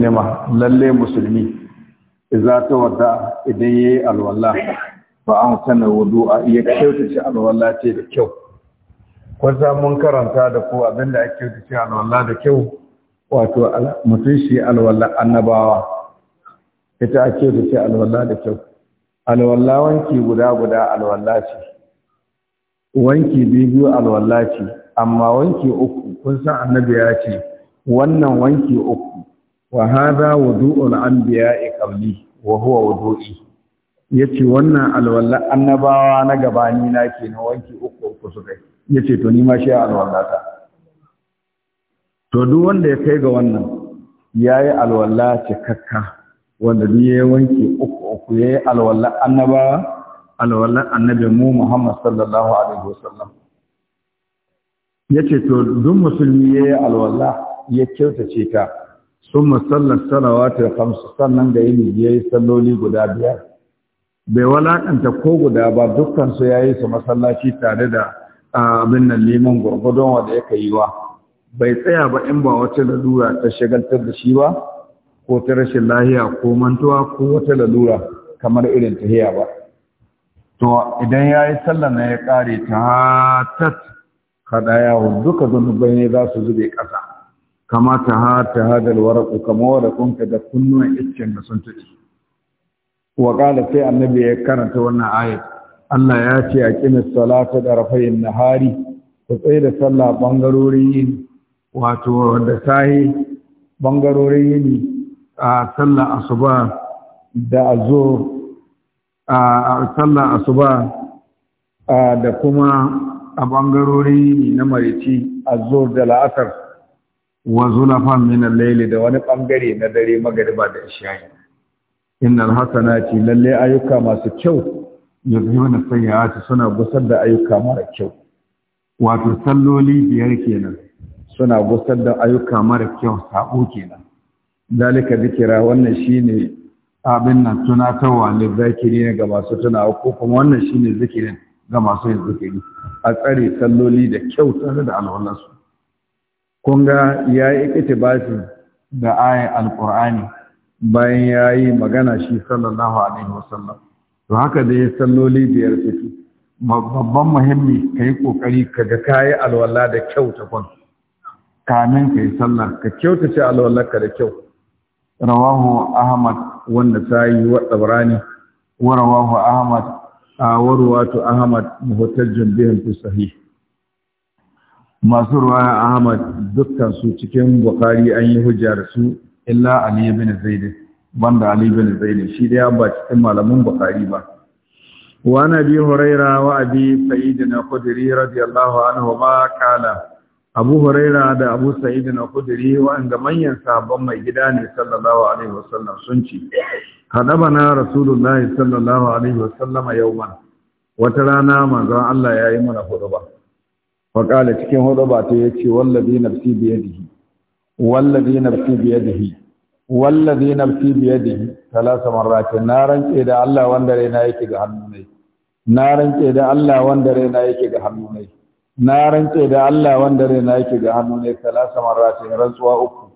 nema lalle musulmi ta wadda idan yi alwallah ba an kana wudu'a ya kyautace alwallah ce da kyau kwanza mun karanta da abin da ake kyautace alwallah da kyau wato mutum shi alwala annabawa ita ake kyautace alwallah da kyau alwallah wanki guda guda alwala ce wanki biyu alwala ce amma wanki uku kun san annabi ya ce wannan wanki uku wa hadha wudu'ul anbiya'i qabli wa huwa wudu'i yace wannan alwala annabawa na gabani na ke na wanki uku uku su kai yace to ni ma shi alwala ta to duk wanda ya kai ga wannan yayi alwala cikakka wanda duk yayi wanki uku uku yayi alwala annabawa alwala annabi mu Muhammad sallallahu alaihi wasallam yace to duk musulmi yayi alwala ya kyautace ta sun musallar ya kamsu sannan da yi ya yi salloli guda biyar bai walakanta ko guda ba dukkansu ya yi su masallaci tare da abin nan liman gwargwadon wanda ya yi wa bai tsaya ba in ba wata lalura ta shagaltar da shi ba ko ta rashin lahiya ko mantuwa ko wata lalura kamar irin tahiya ba to idan ya yi sallar na ya kare ta tat kada yawo duka zunubai ne za su zube ƙasa kama ta ha ta hadal waraku kama warakun ka da kunnuwan iccen da sun tuki wa kala sai annabi ya karanta wannan ayat Allah ya ce a kimis salata da rafayin nahari ku tsaye da sallah bangarorin yini wato da sahi bangarorin yini a sallah asuba da azo a sallah asuba da kuma a bangarorin bangarori na marici azur da la'asar wa zulafan min al-layli da wani bangare na dare magariba da isha'i innal hasanati lalle ayyuka masu kyau yuzhibuna sayyi'ati suna gusar da ayyuka mara kyau wato salloli biyar kenan suna gusar da ayyuka mara kyau sabo kenan dalika zikira wannan shine abin nan tunatarwa ne zakiri ne ga masu tunawa ko kuma wannan shine zikirin ga masu yin zikiri a tsare salloli da kyau tare da alwalansu kun ga ya yi ikitibasi da ayin alƙur'ani bayan ya yi magana shi sallallahu alaihi wasallam to haka zai ya salloli biyar suke babban muhimmi ka yi ƙoƙari ka ga yi alwala da kyau ta kwan kamin ka yi sallah ka kyautace alwalarka da kyau rawahu ahmad wanda ta yi wa tsabrani wa rawahu ahmad a warwatu ahmad muhtajjun bihin fi sahih masu ruwaya ahmad dukkan su cikin bukari an yi hujjar su illa ali ibn zaid banda ali ibn zaid shi da ba cikin malamin bukari ba wa nabi huraira wa abi sa'id na khudri radiyallahu anhu ma kala abu huraira da abu sa'id na khudri wa ga manyan sahabban mai gida ne sallallahu alaihi wasallam sun ci hadabana rasulullahi sallallahu alaihi wasallam yawman wata rana manzon Allah yayi mana huduba faƙala cikin hudu ba ta yace wallazi nafsi biyadihi wallazi nafsi biyadihi wallazi nafsi biyadihi talasa marratin na rantse da Allah wanda raina yake ga hannu ne na rantse da Allah wanda raina yake ga hannu ne na rantse da Allah wanda raina yake ga hannu ne talasa marratin rantsuwa uku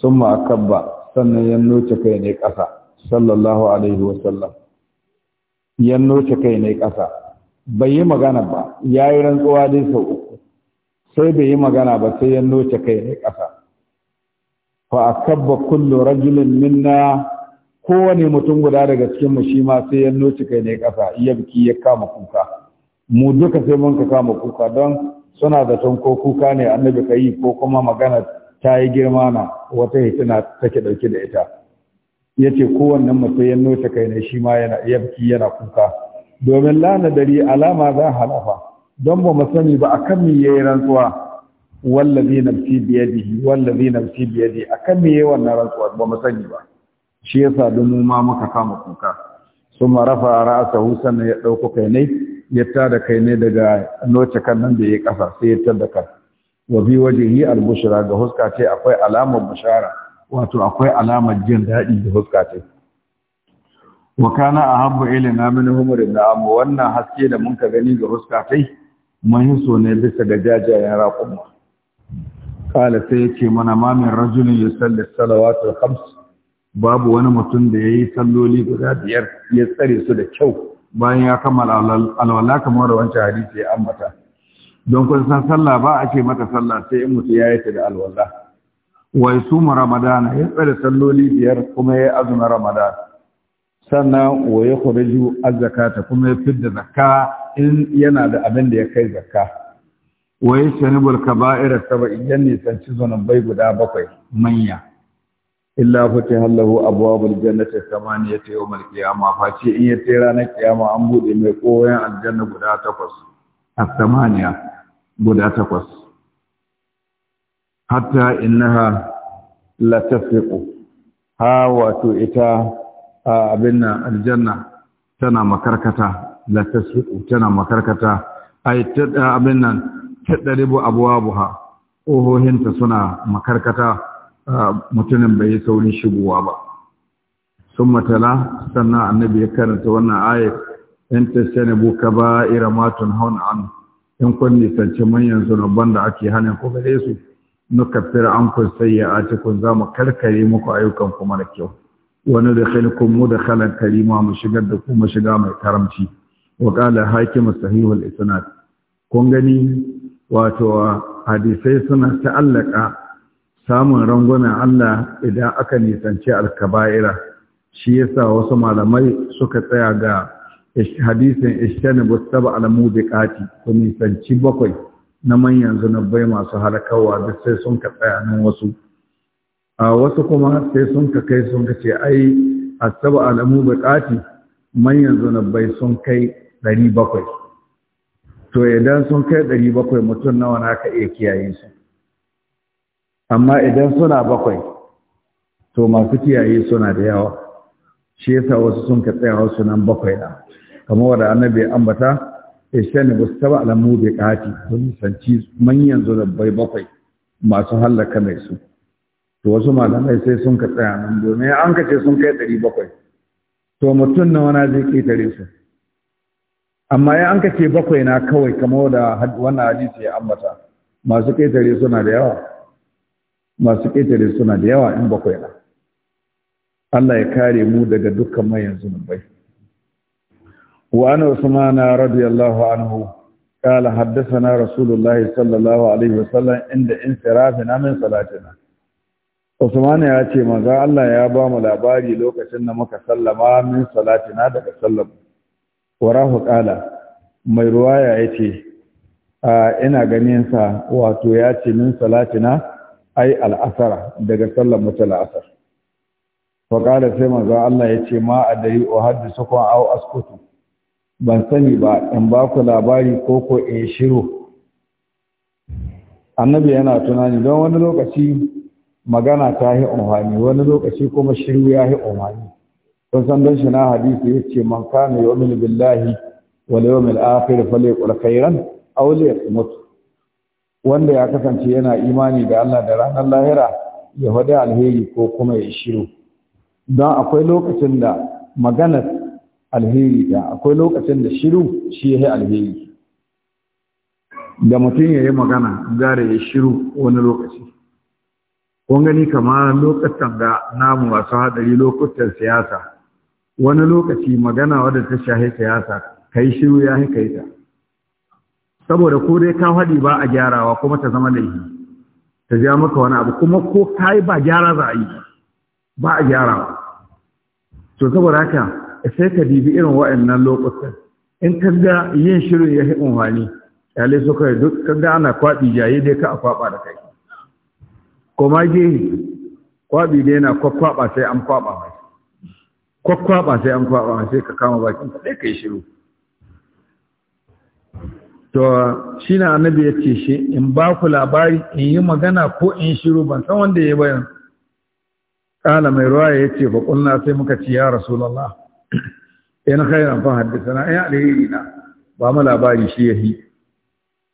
summa akabba sannan ya noce kai ne ƙasa sallallahu alaihi wasallam ya noce kai ne ƙasa bai yi magana ba ya yi rantsuwa dai sau uku sai bai yi magana ba sai ya noce kai ne ƙasa fa akabba kullu rajulin minna kowane mutum guda daga cikin mu shi ma sai ya noce kai ne ƙasa iya biki ya kama kuka mu duka sai mun ka kama kuka don suna da tun ko kuka ne annabi ka yi ko kuma magana ta yi girma na wata hitina take ɗauke da ita ya ce kowannen mutum ya noce kai ne shi ma yana iya biki yana kuka domin lana dari alama za halafa don ba mu sani ba akan me yayi rantsuwa wallazi nafsi biyadihi wallazi nafsi biyadihi akan me yayi wannan rantsuwa ba mu sani ba shi yasa da mu ma muka kama kuka ma rafa ra'sahu sannan ya dauko kai ne ya tada kai ne daga noce kan nan da ya kasa sai ya tada kan wa bi wajhi al ga huska ce akwai alamar bushara wato akwai alamar jin daɗi da huska ce wa kana ahabbu ilayna min humur Amu, wannan haske da mun ka gani ga huska kai. mun so ne bisa ga jajayen raƙuma kala sai yake mana ma min rajulin yusalli salawatu khams babu wani mutum da yayi salloli guda biyar ya tsare su da kyau bayan ya kammala alwala kamar wancan hadisi ya ambata don kun san sallah ba a ce mata sallah sai in mutum ya yi ta da alwala wai su ramadana ya tsare salloli biyar kuma ya azumin ramadana sannan wa ya azaka ta kuma ya fidda zakka in yana da abin da ya kai zakka wa ya shanibul kaba'ira sab'i yan nisanci bai guda bakwai manya illa futiha lahu abwabul jannati ta yawmal qiyama fa ce in ya tsira na kiyama an buɗe mai koyan aljanna guda takwas A samaniya guda takwas hatta innaha la tafiqu ha wato ita abin nan aljanna tana makarkata la tasu tana makarkata ai abin nan tadribu abwabuha ohohinta suna makarkata mutumin bai yi saurin shigowa ba sun matala sannan annabi ya karanta wannan ayat in tajtanibu kaba'ira ma tunhauna an in kun nisanci manyan zunuban da ake hana ku gare su nukaffir an kun sayyi'atikum za mu karkare muku ayyukan kuma da kyau wani da khalikun mu da khalar karima mu shigar da kuma shiga mai karamci wa kala hakim sahihul isnad kun gani wato hadisai suna ta'allaka samun rangwamen Allah idan aka nisanci alkaba'ira shi yasa wasu malamai suka tsaya ga hadisin ishtanibu saba al mudiqati ku nisanci bakwai na manyan zunubai masu halakawa da sai sun ka tsaya nan wasu a wasu kuma sai sun ka kai sun ka ce ai a saba alamu bukati manyan bai sun kai 700 bakwai to idan sun kai 700 mutum nawa na ka iya kiyaye su amma idan suna bakwai to masu kiyaye suna da yawa shi yasa wasu sun ka tsaya wasu nan bakwai na kamar wanda annabi ambata ishani ba su taba alamu bai kati sun sanci manyan bai bakwai masu hallaka mai su to wasu malamai sai sun ka tsaya nan domin an ka ce sun kai ɗari bakwai to mutum na wana zai ƙetare su amma ya an ka ce bakwai na kawai kamar da wannan hadisi ya ambata masu ƙetare suna da yawa masu ƙetare suna da yawa in bakwai na Allah ya kare mu daga dukkan mayan zunubai wa ana usmana radiyallahu anhu قال حدثنا rasulullahi sallallahu alaihi wasallam inda in عند انصرافنا من صلاتنا Usman ya ce manzon Allah ya ba mu labari lokacin da muka sallama min salatina daga sallamu warahu qala mai ruwaya yace ina ganin sa wato ya ce min salatina ai al'asara daga sallar mutal la'asar fa qala sai manzon Allah yace ma adai uhaddisu kun au askutu ban sani ba in ba ku labari ko ko in shiru annabi yana tunani don wani lokaci magana ta yi umarni wani lokaci kuma shiru ya yi umarni, kun san don shi na hadisi ya ce man kana yu'minu billahi wal yawmil akhir falyaqul khairan aw liyamut wanda ya kasance yana imani da Allah da ranar lahira ya faɗi alheri ko kuma ya shiru don akwai lokacin da magana alheri da akwai lokacin da shiru shi ya yi alheri da mutum ya yi magana gare ya shiru wani lokaci kun gani kamar lokacin da namu wasu haɗari lokutan siyasa wani lokaci magana wadda ta shahi siyasa kai shiru ya kai ta saboda ko dai ka haɗi ba a gyarawa kuma ta zama laifi ta ja maka wani abu kuma ko ka yi ba gyara za a yi ba a gyarawa to saboda haka sai ka dibi irin wa'annan lokutan in ka ga yin shirin ya hi ya kyale suka yi duk ka ga ana kwaɗi jaye dai ka a kwaɓa da kai koma gehe kwabi ne yana kwakwaba sai an kwaba mai kwakwaba sai an mai sai ka kama bakin ka sai yi shiru to shi na annabi ya ce shi in ba ku labari in yi magana ko in shiru ban san wanda ya bayan kala mai ruwa ya ce faƙulna sai muka ci ya rasulallah in khairan fa haddisana in alheri na ba mu labari shi yahi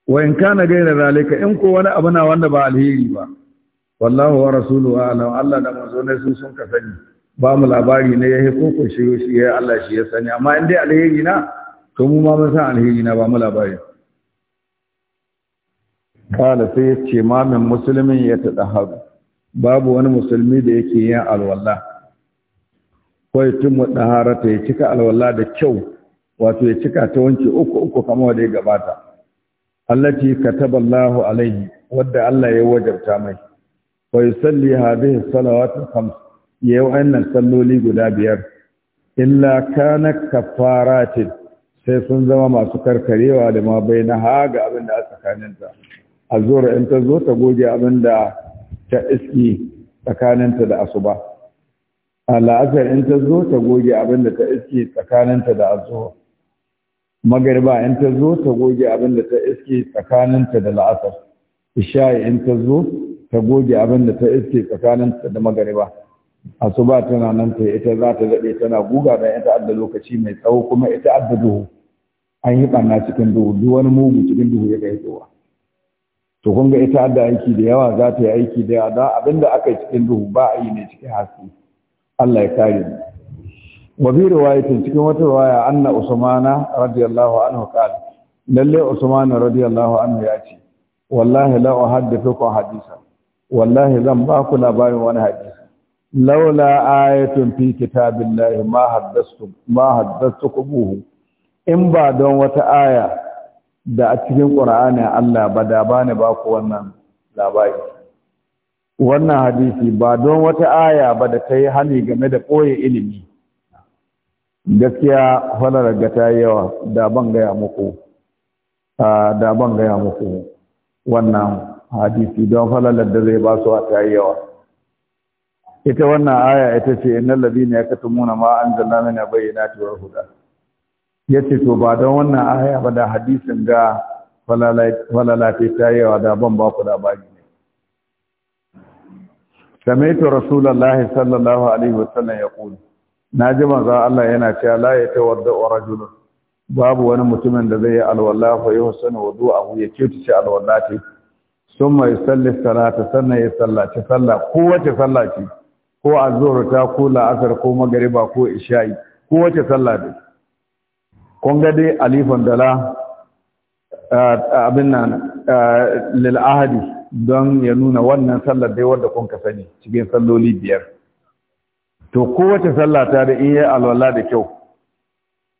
wa in kana gaira zalika in ko wani abu na wanda ba alheri ba wallahu wa rasuluhu a'lam Allah da manzo ne sun sun ka sani ba mu labari ne yayi ko ko shi shi ya Allah shi ya sani amma in dai alheri na to mu ma mun san alheri na ba mu labari kala sai yace ma min muslimin ya tadaharu babu wani musulmi da yake yin alwala ko ya tumu daharata ya cika alwala da kyau wato ya cika ta wanke uku uku kamar da ya gabata allati kataballahu alaihi wadda Allah ya wajabta mai wa yusalli hadhihi salawatu khams yayi wannan salloli guda biyar illa kana kafaratin sai sun zama masu karkarewa da ma bayna ha ga abin da a tsakaninta azura in ta zo ta goge abin da ta iski tsakaninta da asuba azar in ta zo ta goge abin da ta iski tsakaninta da azura magariba in ta zo ta goge abin da ta iski tsakaninta da la'asar isha in ta zo ta goge abin da ta iske tsakanin ta da magariba asuba tana nan ta ita za ta daɗe tana guga da ita adda lokaci mai tsawo kuma ita adda duhu an yi ɓanna cikin duhu duk wani mugu cikin duhu ya kai tsowa to kun ga ita adda aiki da yawa za ta yi aiki da yawa don abin da aka yi cikin duhu ba a yi ne cikin haske Allah ya kare mu wa bi riwayatin cikin wata riwaya anna usmana radiyallahu anhu qala lalle usmana radiyallahu anhu ya ce wallahi la uhaddithukum hadisa wallahi zan ba ku labarin wani hadisi laula ayatun fi kitabillahi ma haddastu ma haddastukuhu in ba don wata aya da a cikin qur'ani Allah ba da bani ba ku wannan labari wannan hadisi ba don wata aya ba da ta yi hali game da ɓoye ilimi gaskiya falar ga ta yawa da ban gaya muku da ban gaya muku wannan hadisi don falalar da zai ba su a ta yawa ita wannan aya ita ce ne, innal ladina yaktumuna ma anzalna min bayyinati wal huda ce to ba don wannan aya ba da hadisin ga falala ta yawa da ban ba ku da baki ne samaitu rasulullahi sallallahu alaihi wasallam ya Na ji manzo Allah yana cewa la yatawadda rajulun babu wani mutumin da zai yi alwala fa yuhsinu a ya kyautace alwallati sun mai sallis salata sannan ya sallaci salla Ko wace sallaci? ko azhar ta ko la'asar ko magariba ko isha'i Ko wace dai kun gade alifan dala abin nan lil ahadi don ya nuna wannan sallar dai wanda kun ka sani cikin salloli biyar to kowace wace ta da iya alwala da kyau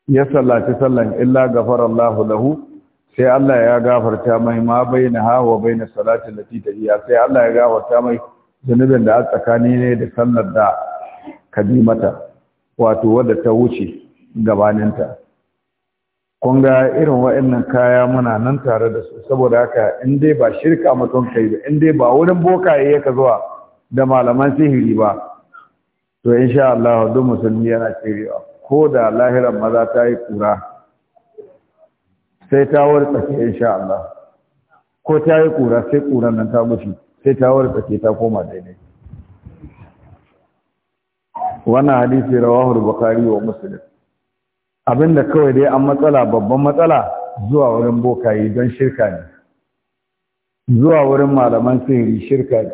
ya sallaci sallan illa gafarallahu lahu sai Allah ya gafarta mai ma baina hawa wa salatin salati lati iya sai Allah ya gafarta mai zunubin da a tsakani ne da sallar da kadimata wato wadda ta wuce gabaninta kun ga irin wa'annan kaya muna nan tare da su saboda haka in dai ba shirka mutum kai ba in dai ba wurin bokaye yaka zuwa da malaman sihiri ba to insha Allah duk musulmi yana cewa ko da lahirar maza ta yi kura sai ta tsake insha Allah ko ta yi kura sai kuran nan ta gushi sai ta tsake ta koma daidai wannan hadisi rawahu bukhari wa muslim abinda kawai dai an matsala babban matsala zuwa wurin bokayi don shirka ne zuwa wurin malaman sihiri shirka ne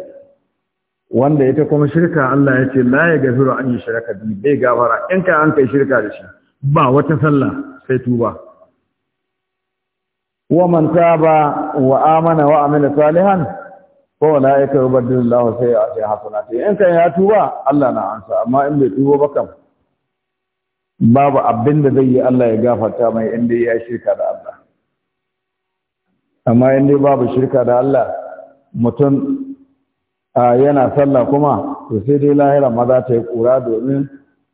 wanda ita kuma shirka Allah ya ce la ya gafiru an yi shirka bi bai gafara in ka an kai shirka da shi ba wata sallah sai tuba ومن تاب وآمن وعمل صالحا فأولئك يبدل الله سيئاته حسناته إن كان يتوب الله لا أنسى أما إن بيتوب بكم babu abin da zai yi Allah ya gafarta mai dai ya shirka da Allah amma dai babu shirka da Allah mutum yana sallah kuma to sai dai lahira maza ta yi kura domin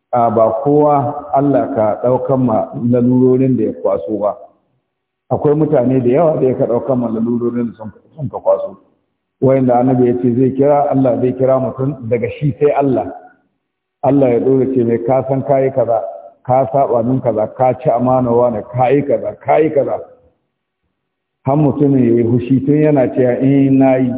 ba kowa Allah ka ɗaukan ma lalurorin da ya kwaso ba akwai mutane da yawa da ya ka ɗauka malalurorin sun ka kwaso wayanda annabi ya ce zai kira Allah zai kira mutum daga shi sai Allah Allah ya ɗora ce mai ka san kayi kaza ka saba min kaza ka ci amana wani kayi kaza kayi kaza har mutumin ya yi hushi tun yana cewa in eh, na yi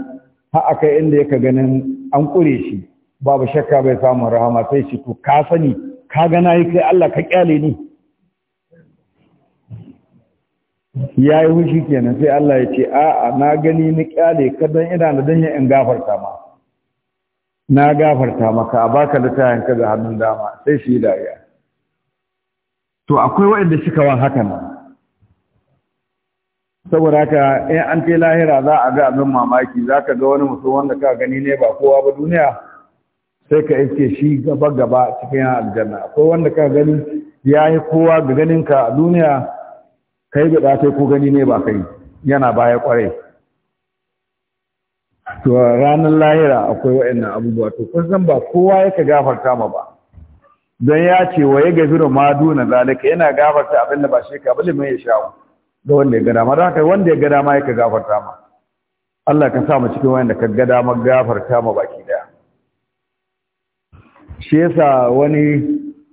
har aka inda yaka ganin an kure shi babu shakka bai samu rahama sai shi to ka sani ka gana yi kai Allah ka kyale ni ya yi hushi kenan sai Allah ya ce a na gani ni kyale kadan ina da danya in gafarta ma na gafarta maka a baka littafin ka da hannun dama sai shi dariya to akwai waɗanda suka wan haka nan saboda haka in an kai lahira za a ga abin mamaki za ka ga wani mutum wanda ka gani ne ba kowa ba duniya sai ka iske shi gaba gaba cikin aljanna akwai wanda ka gani ya yi kowa ga ganinka a duniya kai da ko gani ne ba kai yana baya kwarai to ranar lahira akwai wa'annan abubuwa to kun san ba kowa yake gafarta ma ba don ya ce wa ya gafiru ma duna zalika yana gafarta abinda da ba shi ka bali mai shawo da wanda ya gada ma da haka wanda ya gada ma yake gafarta ma Allah ka sa mu cikin wanda ka gada ma gafarta ma baki daya shi wani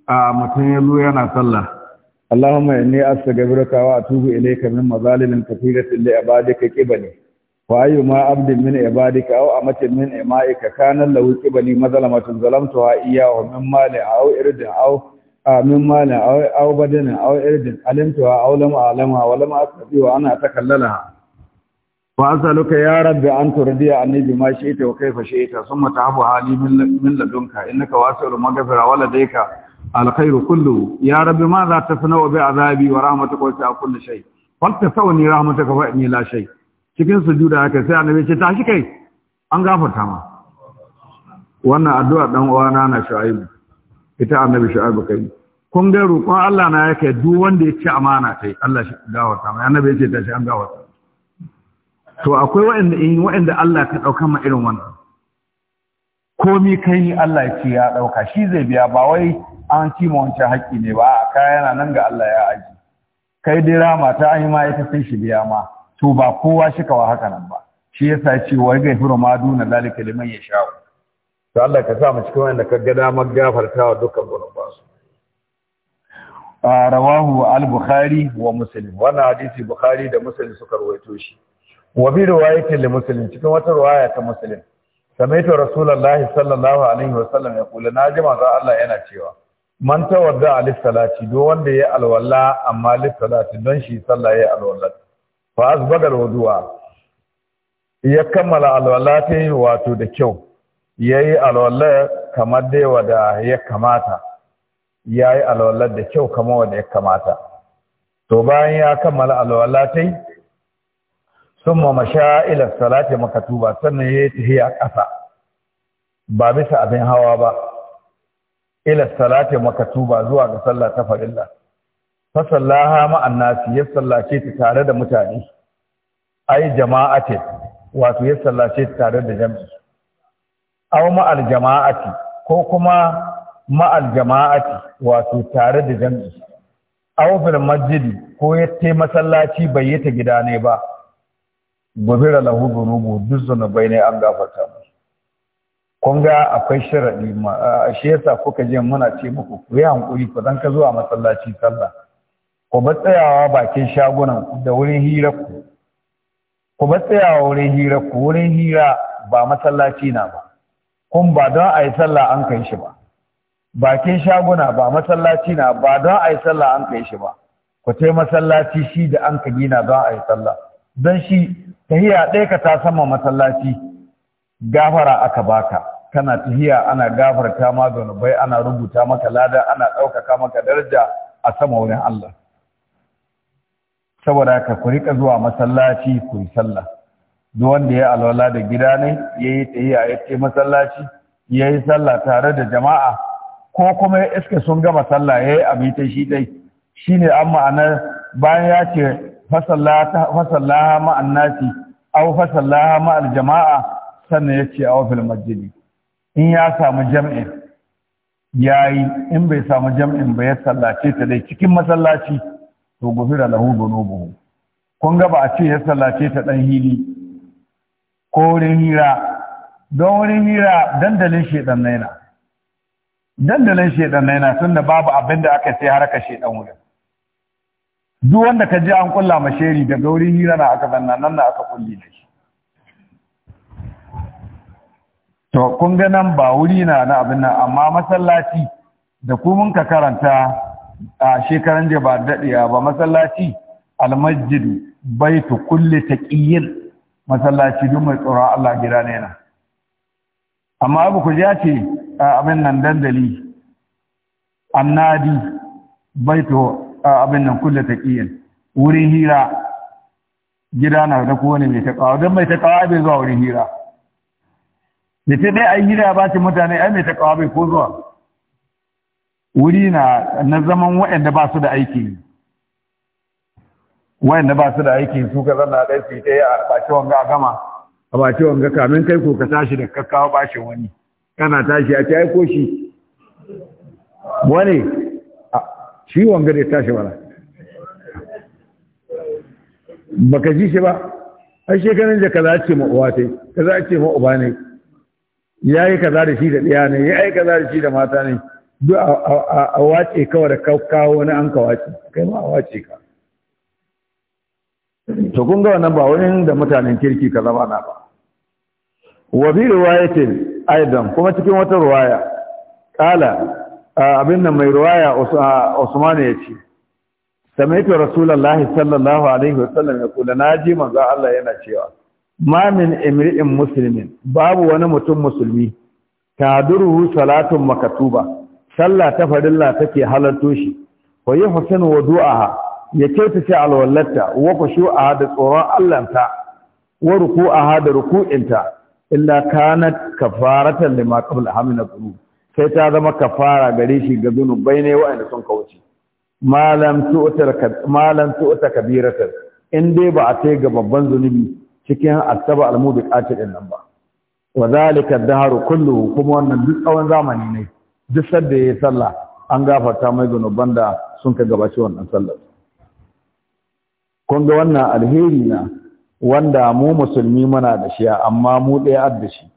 a mutum ya zo yana sallah اللهم إني أستغفرك وأتوب إليك من مظالم كثيرة لعبادك قبلي وأي ما عبد من عبادك أو أمة من إمائك كان له قبلي مظلمة ظلمتها إياه من مال أو إرد أو من مال أو أو بدن أو إرد علمتها أو لم أعلمها ولم أستطيع أن أتكللها وأسألك يا رب أن ترضي عني بما شئت وكيف شئت ثم تعفو حالي من لدنك إنك واسع المغفرة ولديك الخير كله ya rabbi ma za ta ورحمتك وسع كل wa rahmatuka wa sa'a kullu shay falta sawani rahmatuka fa la cikin sujuda haka sai annabi ce tashi kai an gafarta ma wannan addu'a dan uwana na shu'aibu ita annabi shu'aibu kai kun ga roƙon Allah na yake duk wanda ya ci amana kai. Allah shi gafarta ma annabi ce tashi an gafarta to akwai waɗanda in waɗanda Allah ka dauka ma irin wannan komi kai ni Allah ya ce ya dauka shi zai biya ba wai an ci wancan haƙƙi ne ba a kaya yana nan ga Allah ya aji kai dai rama ta an yi ma ita sai shi biya ma to ba kowa shi kawa haka nan ba shi ya sa ce wai ga hiru ma duna zalika liman ya sha'u to Allah ka sa mu cikin wanda ka ga damar gafartawa dukkan ba su rawahu al-bukhari wa muslim wannan hadisi bukhari da muslim suka rawaito shi wa bi riwayatin li muslim cikin wata riwaya ta muslim samaitu Rasulallah sallallahu alaihi sallam ya kula na ji manzo Allah yana cewa man tawadda a lissalati do wanda ya alwala amma lissalati don shi sallah ya alwala fa azbagal wudu'a ya kammala alwalatin wato da kyau yayi alwala kamar dai wada ya kamata yayi alwala da kyau kamar wada ya kamata to bayan ya kammala alwalatin summa masha ila salati makatuba sannan yayi tahiya ƙasa ba bisa abin hawa ba ila salati makatuba zuwa ga sallah ta farilla fa sallaha ma'an nasi ya sallace ta tare da mutane ai jama'ati wato ya sallace ta tare da jami'i aw ma'al jama'ati ko kuma ma'al jama'ati wato tare da jami'i aw fil masjid ko ya tai masallaci bai yi ta gida ne ba gobira lahu dhunubu duk zunubai ne an gafarta mu kun ga akwai sharaɗi shi yasa kuka je muna ce muku ku yi hankuri ku zan ka zuwa masallaci sallah ku bar tsayawa bakin shagunan ku da wurin hira ku ku bar tsayawa wurin hira ku wurin hira ba masallaci na ba kun ba don a yi sallah an kai shi ba bakin shaguna ba masallaci na ba don a yi sallah an kai shi ba ku ce masallaci shi da an ka gina don a yi sallah don shi tahiya ɗaya ka ta sama masallaci gafara aka baka kana tihiya ana gafarta ma zanubai ana rubuta maka lada ana ɗaukaka maka daraja a sama wurin Allah saboda ka ku rika zuwa masallaci ku yi sallah duk wanda ya alwala da gida ne yi tihiya ya ce masallaci ya yi sallah tare da jama'a ko kuma ya iska sun gama sallah yayi abin ta shi dai shine an ma'ana bayan ya ce fasallaha fasallaha ma'annasi au fasallaha ma'al jama'a sannan ya ce a wafil masjidi in ya samu jam'in ya yi in bai samu jam'in ba ya sallace ta dai cikin masallaci to da lahu dunubuhu kun ga ba a ce ya sallace ta dan hili ko wurin hira don wurin hira dandalin shedan naina dandalin shedan naina da babu abin da aka sai haraka shedan wurin duk wanda ka ji an kulla masheri daga wurin hira na aka zanna nan na aka kulli da shi to kun ga nan ba wuri na na abin nan amma masallaci da ku mun ka karanta a shekaran da ba daɗewa ba masallaci ta baitu ta taqiyyin masallaci duk mai tsoron Allah gida ne na amma abu ku ya ce abin nan dandali annadi ta abin nan kulle ta taqiyyin wurin hira gida na da kowane mai ta ƙawa, don mai ta ƙawa bai zuwa wurin hira da ce dai an yi gida ya mutane ai mai takawa bai ko zuwa wuri na na zaman waɗanda ba su da aiki waɗanda ba su da aiki su ka zanna dai su ta yi a bace wanga a gama a bace wanga kamin kai ko ka tashi da kawo bashin wani kana tashi a ai ko shi wani shi wanga da tashi wala baka ji shi ba ai shekaran da kaza ce ma uwa yi kaza ce ma uba ne ya yi kaza da shi da ɗaya ne ya yi kaza da shi da mata ne duk a wace kawai da kawo wani an ka wace kai ma a wace ka to kun ga wannan ba wani da mutanen kirki ka zama na ba wa bi ce aidan kuma cikin wata riwaya kala abin nan mai riwaya Usman ya ce sami'tu rasulullahi sallallahu alaihi wasallam ya kula naji manzo Allah yana cewa Mamin min imri'in muslimin babu wani mutum musulmi taduruhu salatun makatuba sallah ta farilla take halarto shi wa yuhsinu wudu'aha ya ce alwallata wa khushu'aha da tsoron Allahnta wa ruku'aha da ruku'inta illa kanat kafaratan lima qabla hamina qulu sai ta zama kafara gare shi ga zunubai ne wa'anda sun kauce malam tu'tar malam tu'ta kabiratan in dai ba a kai ga babban zunubi cikin asaba kace din nan ba wa zalika Kullu kullu kuma wannan duk tsawon zamani ne duk sadda yayi sallah an gafarta mai zunuban da sun ka gabaci wannan sallah. kun ga wannan alheri na wanda mu musulmi muna da shi amma mu ɗaya addashi. shi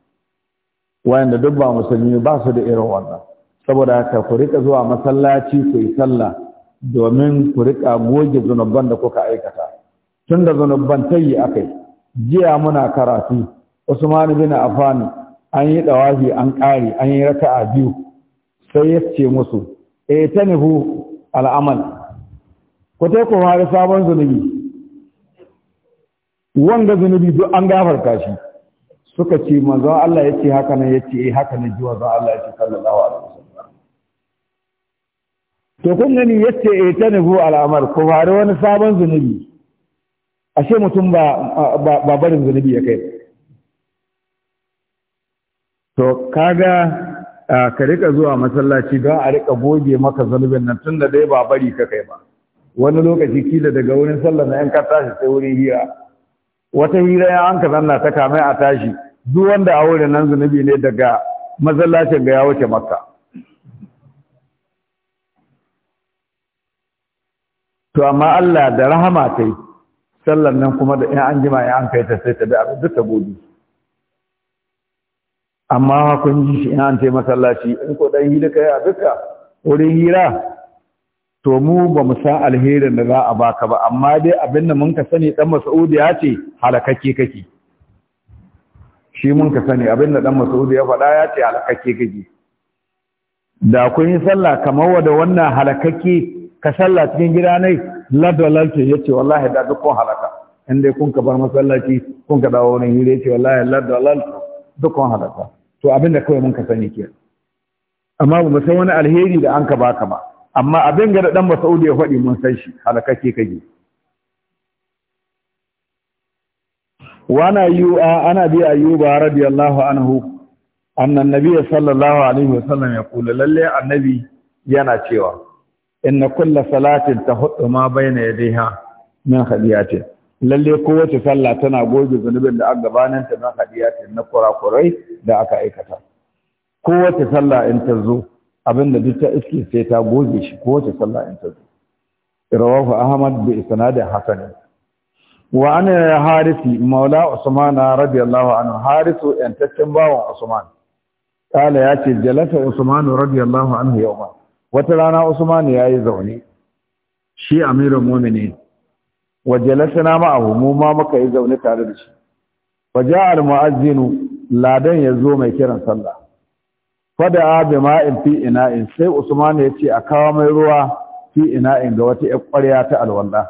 wanda duk ba musulmi ba su da irin wannan saboda haka ku rika zuwa masallaci ku yi sallah domin ku rika goge zunuban da kuka aikata Tunda da zunuban ta yi akai jiya muna karatu Usman bin Affan an yi dawahi an kare an yi raka'a biyu sai ya ce musu e eh, tanihu al'amal ku te ko fara sabon zunubi wanda zunubi duk an gafarta shi suka ce manzo Allah ya ce haka nan ya ce eh haka nan ji manzon Allah ya ce sallallahu alaihi wasallam to kun gani yace e eh, tanihu al'amal ku fara wani sabon zunubi ashe mutum ba barin zunubi ya kai to kaga ka rika zuwa masallaci don a rika goge maka zunubin nan tun da dai ba bari ka kai ba wani lokaci kila daga wurin sallar na yan ka tashi sai wurin hira wata hira ya an ka zanna ta kame a tashi duk wanda a wurin nan zunubi ne daga masallacin ga ya wuce maka. to amma Allah da rahama ta yi sallan nan kuma da in an jima ya an kai ta sai ta da abin duk ta gobe. amma kun ji shi ina an ce masallaci in ko dan hira kai a duka wurin hira to mu ba mu san alherin da za a baka ba amma dai abin da mun ka sani dan Mas'ud ya ce halakakke kake shi mun ka sani abin da dan Mas'ud ya faɗa ya ce halakakke kake da kun yi sallah kamar wanda wannan halakakke ka sallah cikin gida ne ladalalta ya ce wallahi da duk kun halaka in dai kun ka bar masallaci kun ka dawo wurin hira ya ce wallahi ladalalta duk kun halaka to abin da kawai mun ka sani ke amma ba mu san wani alheri da an ka baka ba amma abin ga dan Masaudi ya faɗi mun san shi ke kage wana yu انا بي ايوب رضي anhu, عنه ان النبي صلى الله عليه ya kula, للي annabi yana cewa inna kulla salatin tahuddu ma bayna yadayha min khadiyatin lalle kowace sallah tana goge zunubin da aka gabanin ta min khadiyatin na kurakurai da aka aikata kowace sallah in ta zo abinda duk ta iske sai ta goge shi kowace sallah in ta zo rawahu ahmad bi isnadin hasan wa ana harisi maula usman radiyallahu anhu harisu yantaccen bawan usman kala yace jalata usman radiyallahu anhu ba. wata rana Usman ya yi zaune shi amirul mu'minin wajalasana ma'ahu mu ma muka yi zaune tare da shi faja'a al-mu'azzinu ladan zo mai kiran sallah ma in fi ina'in sai Usman ya ce a kawo mai ruwa fi ina'in ga wata ƴar ƙwarya ta alwanda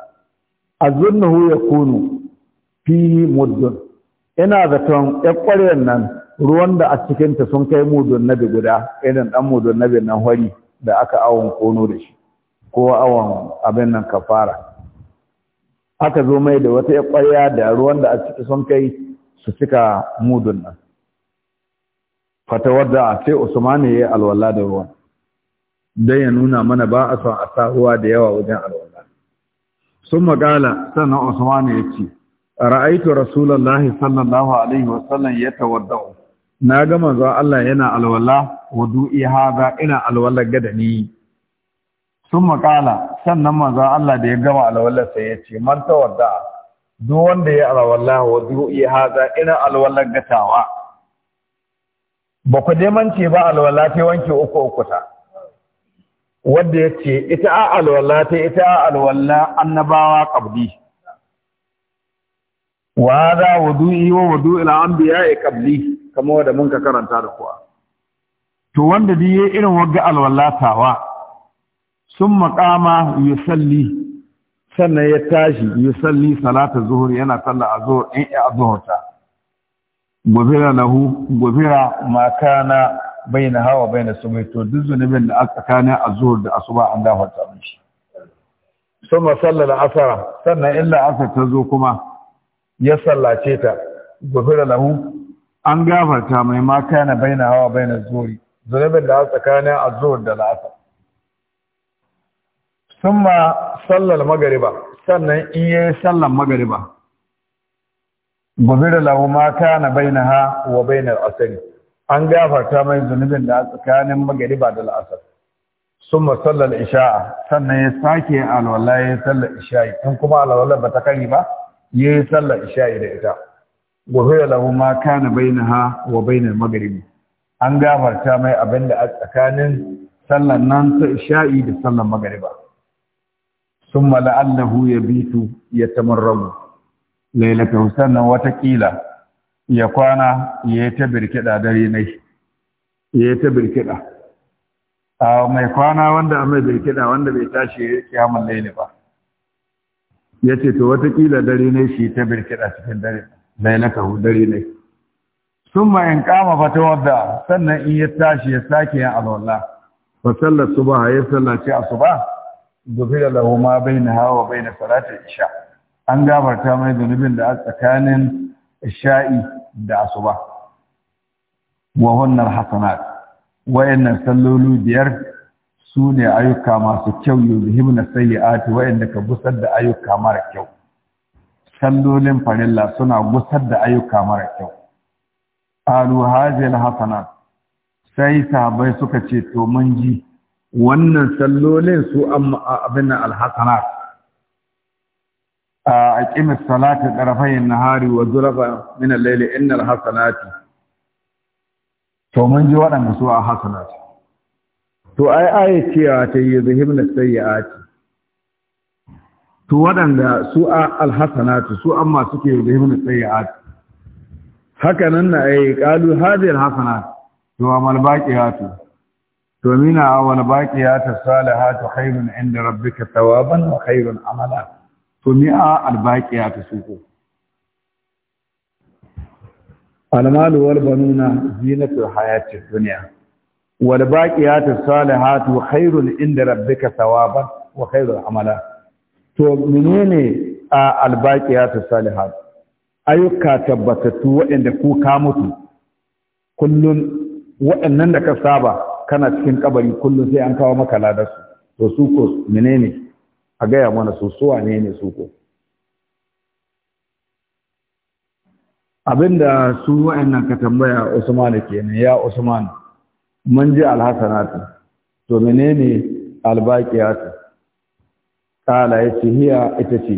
azunnahu yakunu fi muddun ina zaton yar ƙwaryar nan ruwan da a cikinta sun kai mudun nabi guda irin dan mudun nabi nan hori da aka awon kono da shi ko awon abin nan kafara aka zo mai da wata ƙwarya da ruwan da a ciki son kai su cika mudun nan fatawar sai usman ya yi alwala da ruwan don ya nuna mana ba a son a sa ruwa da yawa wajen alwala sun magala sannan usman ya ce ra'aitu rasulullahi sallallahu alaihi wasallam ya na ga manzo Allah yana alwala wudu'i haza ina alwala gadani ni sun makala sannan manzo Allah da ya gama alwala sai ya ce man tawadda duk wanda ya alwala wudu'i haza ina alwala gatawa ba ku man ce ba alwala ta wanke uku uku ta wanda ya ce ita a alwala ta ita a alwala annabawa qabdi wa hada wudu'i wa wudu'il anbiya'i qabli kamar wadda mun ka karanta da kuwa to wanda duk yi irin wagga alwallatawa sun maqama yusalli sannan ya tashi yusalli salata zuhur yana a zuhur, in azhurta gobira lahu gobira makana bai na hawa bai na sumai, to duk zunubin da aka a zuhur da asuba an gafarta mishi masalla da asara sannan illa asar ta zo kuma ya sallace ta gobira lahu an gafarta mai ma kana baina hawa baina zuri zunubin da tsakanin azur da Sun summa sallar magariba sannan in yayi sallar magariba gubira lahu ma kana bainaha wa bainar asari an gafarta mai zunubin da tsakanin magariba da la'asar summa sallar isha'a sannan ya sake alwala ya sallar isha'i in kuma alwala ba ta kari ba yayi sallar isha'i da ita gobira lahu ma kana bainaha wa bainal maghrib an gafarta mai abin da a tsakanin sallan nan ta isha'i da sallan magariba bitu, ya yabitu lailata lailatahu nan watakila ya kwana ya yi ta birkida dare nai ya yi ta birkida a mai kwana wanda a mai birkida wanda bai tashi ya kiyamun laili ba ya ce to watakila dare nai shi ta birkida cikin dare lailatahu dare ne Sun in kama wadda sannan in ya tashi ya sake yin alwala fa sallar subha ya sallaci asuba gufira lahu ma hawa bai na salati isha an gafarta mai zunubin da a tsakanin isha'i da asuba wa hunnar hasanat wayannan sallolu biyar su ne ayyuka masu kyau yuzhibna sayyi'ati wayanda ka busar da ayyuka mara kyau sallolin farilla suna gusar da ayyuka mara kyau Alu hazil hasana sai sabai suka ce to mun ji wannan sallolin su amma abin alhasana a aqimis salati tarafayn nahari wa zulafa min al-layli innal hasanati to mun ji waɗanda su a hasanati to ai ayyaciya ta yi zuhimna sayyi'ati to waɗanda su a alhassanatu su an masu ke da himin tsayi'at haka nan na ai kalu hadir hasana to amal baqiyatu to mina wal baqiyatu salihatu khairun inda rabbika tawaban wa khairun amala to mi'a al baqiyatu suku al mal wal banuna zinatul hayati dunya wal baqiyatu salihatu khairun inda rabbika thawaban wa khairul amala to menene a albaqiyatu salihat ayyuka tabbatattu waɗanda ku ka mutu kullun waɗannan da ka saba kana cikin kabari kullun sai an kawo maka ladarsu to su ko menene a gaya mana su su wane ne su ko abinda su wa'annan ka tambaya Usman kenan ya Usman mun ji alhasanatu to menene albaqiyatu kala ya ce hiya ita ce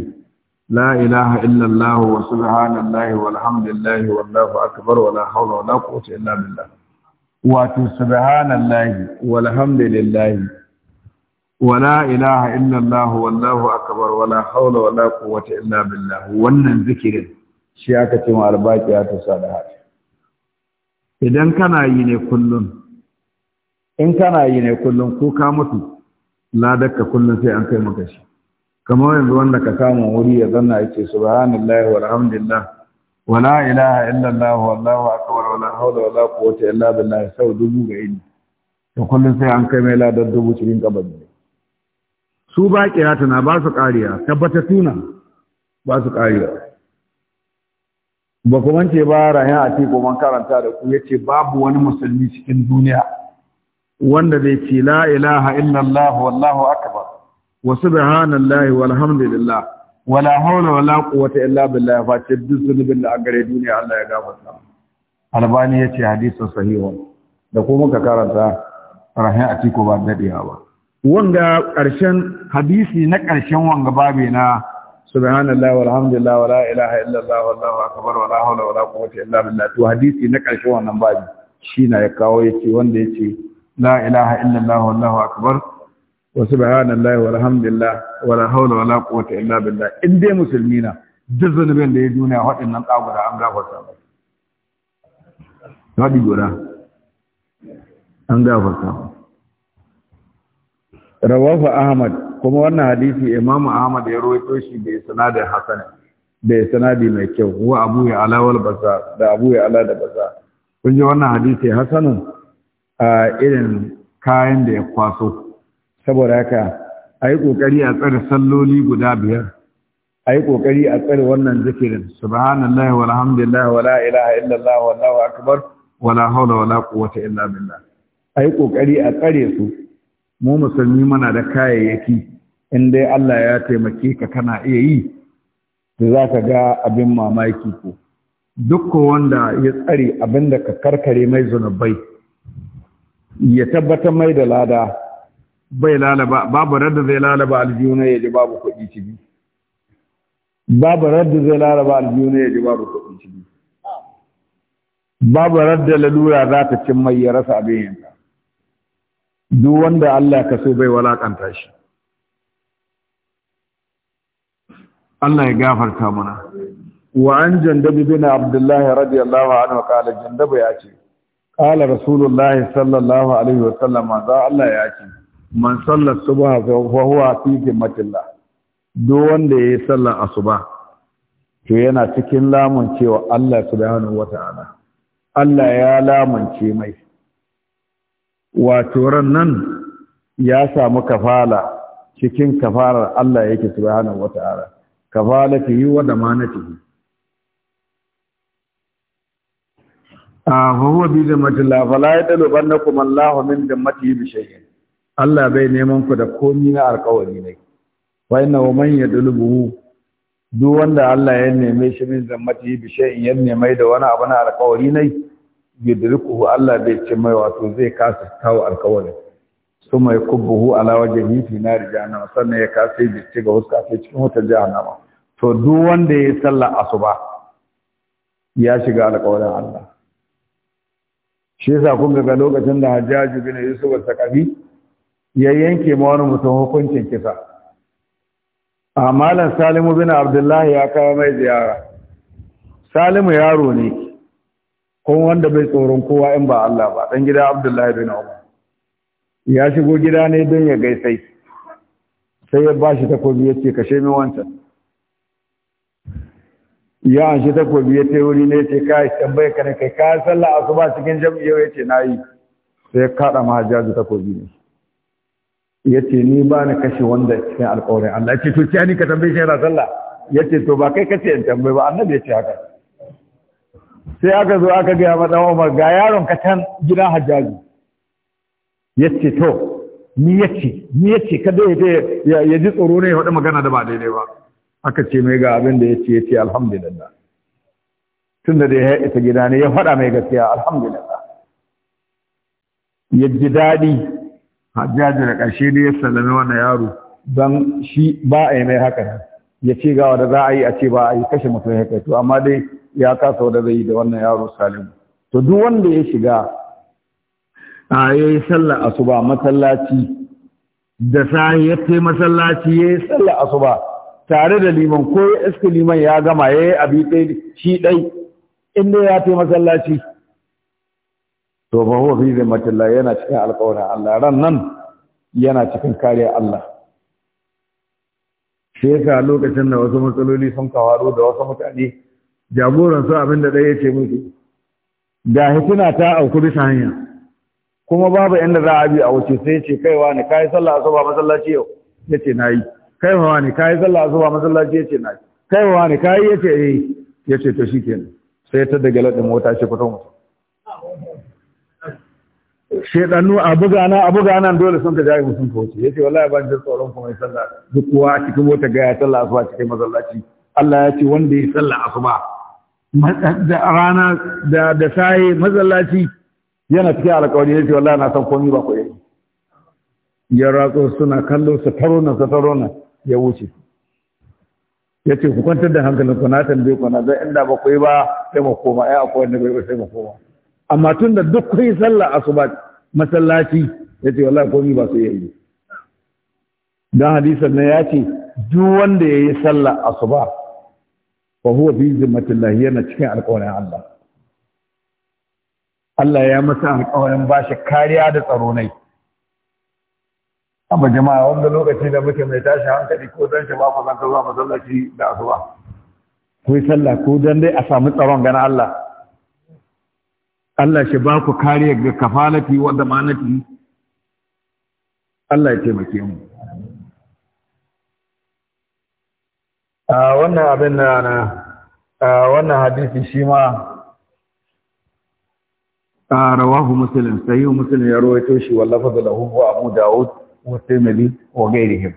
la ilaha illallah wa subhanallahi walhamdulillahi wallahu akbar wa la hawla wa la quwwata illa billah wato subhanallahi walhamdulillahi wa ilaha illallah wallahu akbar wa wannan zikirin shi aka ce ma albaqiyatu salihat idan kana yi ne kullum in kana yi ne kullum ko ka mutu daka kullum sai an kai maka shi kamar yanzu wanda ka kama wuri ya zanna yake subhanallahi walhamdulillah wala ilaha illallah wallahu akbar wala hawla wala quwwata illa billah sau dubu ga ini to kullun sai an kai mai ladar dubu cikin kabari su ba kiratuna ba su kariya tabbatatuna ba su kariya ba kuma ce ba rayan a ce kuma karanta da ku yace babu wani musulmi cikin duniya wanda zai ce la ilaha illallah wallahu akbar wa subhanallahi walhamdulillah wala haula wala quwwata illa billah fa ce duk zunubin duniya Allah ya gafarta albani yace hadisin sahihu da ko muka karanta rahin atiku ba dadewa ba wanda karshen hadisi na karshen wanga babe na subhanallahi walhamdulillah wala ilaha illallah wallahu akbar wala haula wala quwwata illa billah to hadisi na karshen wannan babe shi na ya kawo yace wanda yace la ilaha illallah wallahu akbar wa subhanallahi walhamdulillah wala hawla wala quwwata illa billah in dai musulmi na duk zanubin da ya duniya waɗannan ƙagura an gafarta ba waɗi guda an gafarta rawafa ahmad kuma wannan hadisi imamu ahmad ya rawaito shi da sanadin hasan da sanadi mai kyau wa abu ya ala wal baza da abu ya ala da baza kun ji wannan hadisi hasanun a irin kayan da ya kwaso saboda haka a yi ƙoƙari a tsare salloli guda biyar a yi ƙoƙari a tsare wannan zikirin subhanallah wa la ilaha illallah allahu akbar wala haula wala quwwata illa billah a yi ƙoƙari a tsare su mu musulmi muna da kayayyaki in dai Allah ya taimake ka kana iya yi to za ka ga abin mamaki ko duk wanda ya tsare abinda ka karkare mai zunubai ya tabbatar mai da lada bai lalaba babu radda zai lalaba aljuna ya ji babu kuɗi ciki babu radda zai lalaba aljuna ya ji babu kuɗi ciki babu radda lalura za ta cin mai ya rasa abin yanka duk wanda Allah ka so bai walakanta shi Allah ya gafarta mana wa an jandabi bin abdullahi radiyallahu anhu qala jandaba ya ce qala rasulullahi sallallahu alaihi wa sallam za Allah ya ce man sallar subha fahuwa huwa fi jamatillah duk wanda ya yi sallar asuba to yana cikin lamun cewa Allah subhanahu wata'ala Allah ya lamunce mai wato ran nan ya samu kafala cikin kafarar Allah yake subhanahu wadda ma na ciki a huwa bi jamatillah fala kuma Allah min jamatihi bi shay'in Allah bai neman ku da komi na alkawari ne wa inna man yadlubuhu duk wanda Allah ya neme shi min zammati bi shay'in ya neme da wani abu na alkawari ne yudrikuhu Allah bai ce mai wato zai kasa tawo alkawarin kuma ya kubbuhu ala wajhihi fi nar jahannama sannan ya kasa bi ci ga huska ta cikin wutar jahannama to duk wanda ya sallar asuba ya shiga alkawarin Allah shi yasa kun ga lokacin da Hajjaj bin Yusuf al-Saqafi ya yanke ma wani mutum hukuncin kisa a malam salimu bin abdullahi ya kawo mai ziyara salimu yaro ne kuma wanda bai tsoron kowa in ba Allah ba dan gida abdullahi bin umar ya shigo gida ne don ya gaisai sai ya bashi takobi ya ce kashe min wancan ya an shi takobi ya wuri ne ce kai tambaye ka ne kai ka sallah asuba cikin jami'a ya ce nayi sai ya kada mahajjaji takobi ne yace ni ba na kashe wanda cikin alƙawarin Allah ce to ciyani ka tambaye shi sallah sallah ce to ba kai kace in tambaye ba annabi ya ce haka sai aka zo aka ga ma dan Umar ga yaron ka can gidan Hajjaji Ya ce to ni ce ni ce kada ya ya ji tsoro ne ya faɗi magana da ba daidai ba aka ce mai ga abin da ya ce alhamdulillah tunda da ya ita gida ne ya faɗa mai gaskiya alhamdulillah ya ji daɗi hajjaji da ƙarshe ne ya sallame wannan yaro don shi ba a yi mai haka ya ce gawa da za a yi a ce ba a yi kashe mutum ya to amma dai ya kasa wanda zai yi da wannan yaro salimu to duk wanda ya shiga a ya yi sallar asuba masallaci da sahi ya ce masallaci ya yi sallar asuba tare da liman ko ya iska liman ya gama ya yi abi ɗai shi ɗai inda ya ce masallaci to ba huwa fi zimmatillah yana cikin alƙawarin Allah ran nan yana cikin kariya Allah sai ka lokacin da wasu matsaloli sun kawaro da wasu mutane jagoran su abinda ɗaya ya ce musu da hituna ta auku bisa hanya kuma babu inda za a bi a wuce sai ce kaiwa ne kai sallah asuba masallaci yau yace nayi kaiwa ne kai sallah asuba masallaci yace nayi kaiwa ne kai yace eh yace to shikenan sai ta daga ladin mota shi fito mutum shedannu a buga na a buga nan dole sun ka jaye sun kauce yace wallahi ban da tsoron kuma mai sallah duk kowa cikin mota ga ya sallah asuba cikin masallaci Allah ya ce wanda ya sallah asuba da rana da da sai masallaci yana cikin alƙawari Ya ce wallahi na san komai ba ko yayi ya ratso suna kallo su taro nan su taro nan ya wuce yace ku kwantar da ku na tambaye ku na dan inda ba ku yi ba sai mu koma ai akwai wanda bai sai mu koma amma tun da duk kai sallah asuba masallaci ya ce wallahi komi ba su yi dan hadisan na ya ce duk wanda ya yi sallah asuba fa huwa fi zimmatillah yana cikin alƙawarin Allah Allah ya masa alƙawarin ba shi kariya da tsaro nai amma jama'a wanda lokaci da muke mai tashi hankali ko dan shi ba ku zan zuwa masallaci da asuba ku yi sallah ko dan dai a samu tsaron gana Allah Allah shi ba ku kariya ga kafalati wa damanati Allah ya taimake mu a wannan abin na wannan hadisi shi ma rawahu muslim sai muslim ya rawaito shi wallafa da lahu wa abu daud wa tirmidhi wa ghayrihim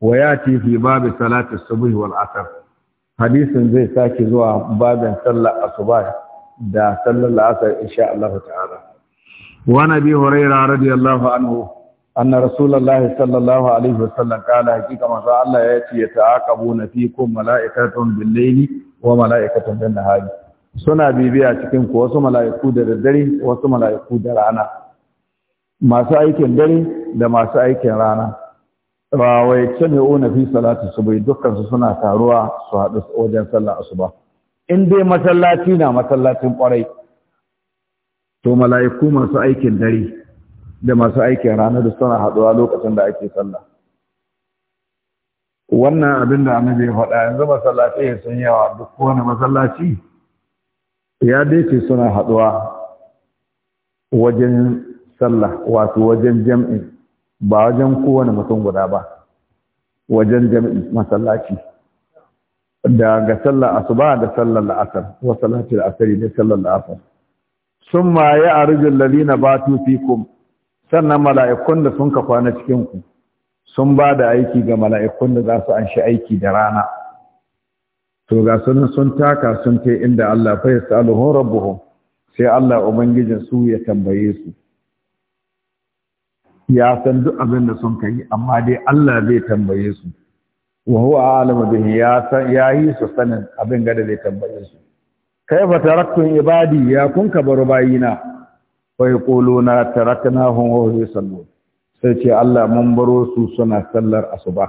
wa yati fi bab salati as-subh wal asr hadisin zai sake zuwa babin sallar asuba da sallar la'asar insha Allah ta'ala wa nabi hurairah radiyallahu anhu anna rasulullahi sallallahu alaihi wasallam kala hakika masu Allah ya ce fi ko mala'ikatun bil layli wa mala'ikatun bin nahari suna bibiya cikin ku wasu mala'iku da daddare wasu mala'iku da rana masu aikin dare da masu aikin rana wa wai na fi salatu subhi dukkan su suna taruwa su haɗu wajen sallar asuba in dai masallaci na masallacin kwarai to mala'iku masu aikin dare da masu aikin rana da suna haɗuwa lokacin da ake sallah wannan abin da annabi ya faɗa yanzu masallaci ya sun yawa duk wani masallaci ya dai ce suna haɗuwa wajen sallah wato wajen jam'i ba wajen kowane mutum guda ba wajen jam'i masallaci Daga sallar asuba da sallar la'asar wa salatul asri da sallar la'asar summa Lalina ba batu fikum sannan mala'ikun da sun ka kwana cikin ku sun ba da aiki ga mala'ikun da za su anshi aiki da rana to ga sunan sun taka sun ce inda Allah fa yasaluhu rabbuhum sai Allah ubangijin su ya tambaye su ya san duk abin da sun kai amma dai Allah zai tambaye su wa huwa alama bihi ya yi su sanin abin gada zai tambaye su kaifa taraktu ibadi ya kun bar bayina fa yaquluna taraknahum wa hum sallu. sai ce Allah mun baro su suna sallar asuba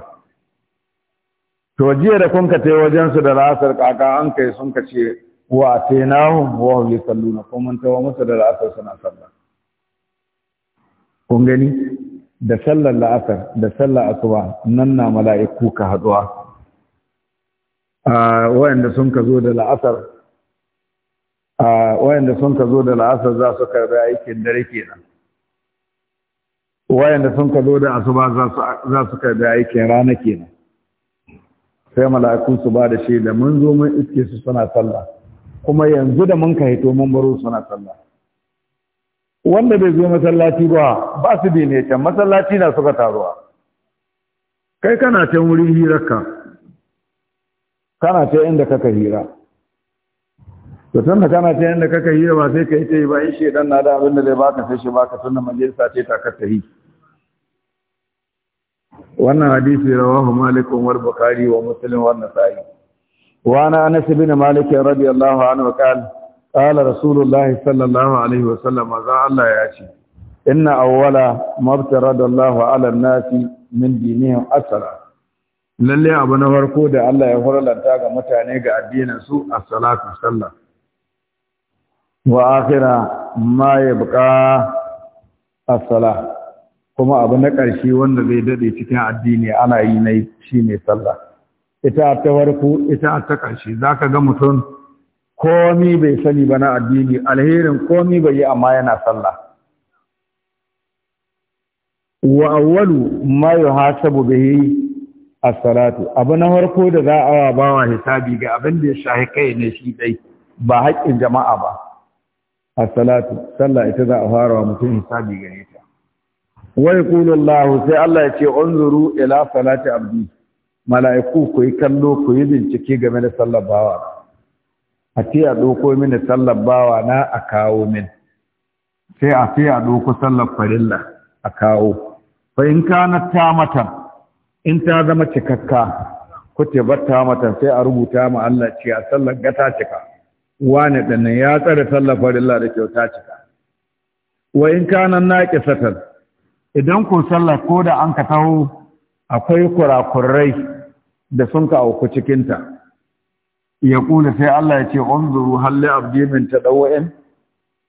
to jiya da kun ka tai wajen su da rasar kaka an kai sun ka ce wa atainahum wa hum yusallun kuma mun tawo musu da rasar suna sallar kun gani da sallar la'asar da sallar asuba nan na mala'iku ka haduwa wayanda sun ka zo da la'asar wayanda sun ka zo da la'asar za su karbi aikin dare kenan wayanda sun ka zo da asuba za su karbi aikin rana kenan sai mala'iku su ba da shi da mun zo mun iske su suna sallah kuma yanzu da mun ka hito mun baro suna sallah wanda bai zo masallaci ba ba su bi ne can masallaci na suka taruwa kai kana can wurin hirarka kana ta inda kaka hira to tunda kana ta inda kaka hira ba sai ka yi ta yi ba in shedan na da abin da zai baka sai shi baka tunda majalisa ce ta kaka yi wannan hadisi rawahu malik umar bukhari wa muslim wa nasa'i wa ana anas ibn malik radiyallahu anhu qala رسول rasulullahi sallallahu alaihi عليه maza Allah ya ce inna awwala mabtara da Allah ala nasi min dinihim asara lalle abu na farko da Allah ya horalanta ga mutane ga addinin su as-salatu sallah wa akhira ma yabqa as-salah kuma abu na ƙarshe wanda zai dade cikin addini ana yi ne shine sallah ita ta farko ita ta ƙarshe zaka ga mutum komi bai sani ba na addini alherin komi bai yi amma yana sallah wa awwalu ma yuhasabu bihi as-salatu abu na farko da za a bawa hisabi ga abin da ya shahi kai ne shi dai ba haƙƙin jama'a ba as-salatu sallah ita za a fara wa mutum hisabi gare ta wa yaqulu Allah sai Allah ya ce unzuru ila salati abdi mala'iku ku yi kallo ku yi bincike game da sallar bawa a ce a ɗauko mini sallar bawa na a kawo min sai a ce a ɗauko sallar farilla a kawo fa in kana ta matan in ta zama cikakka kuce ta matan sai a rubuta ma Allah ce a sallar gata ta cika wani ɗan ya tsare sallar farilla da kyau ta cika wa in kana naqisatan idan ku sallar ko da an ka taho akwai kurakurai da sun ka auku cikinta ya kula sai Allah ya ce unzuru halli abdi min tadawwa'in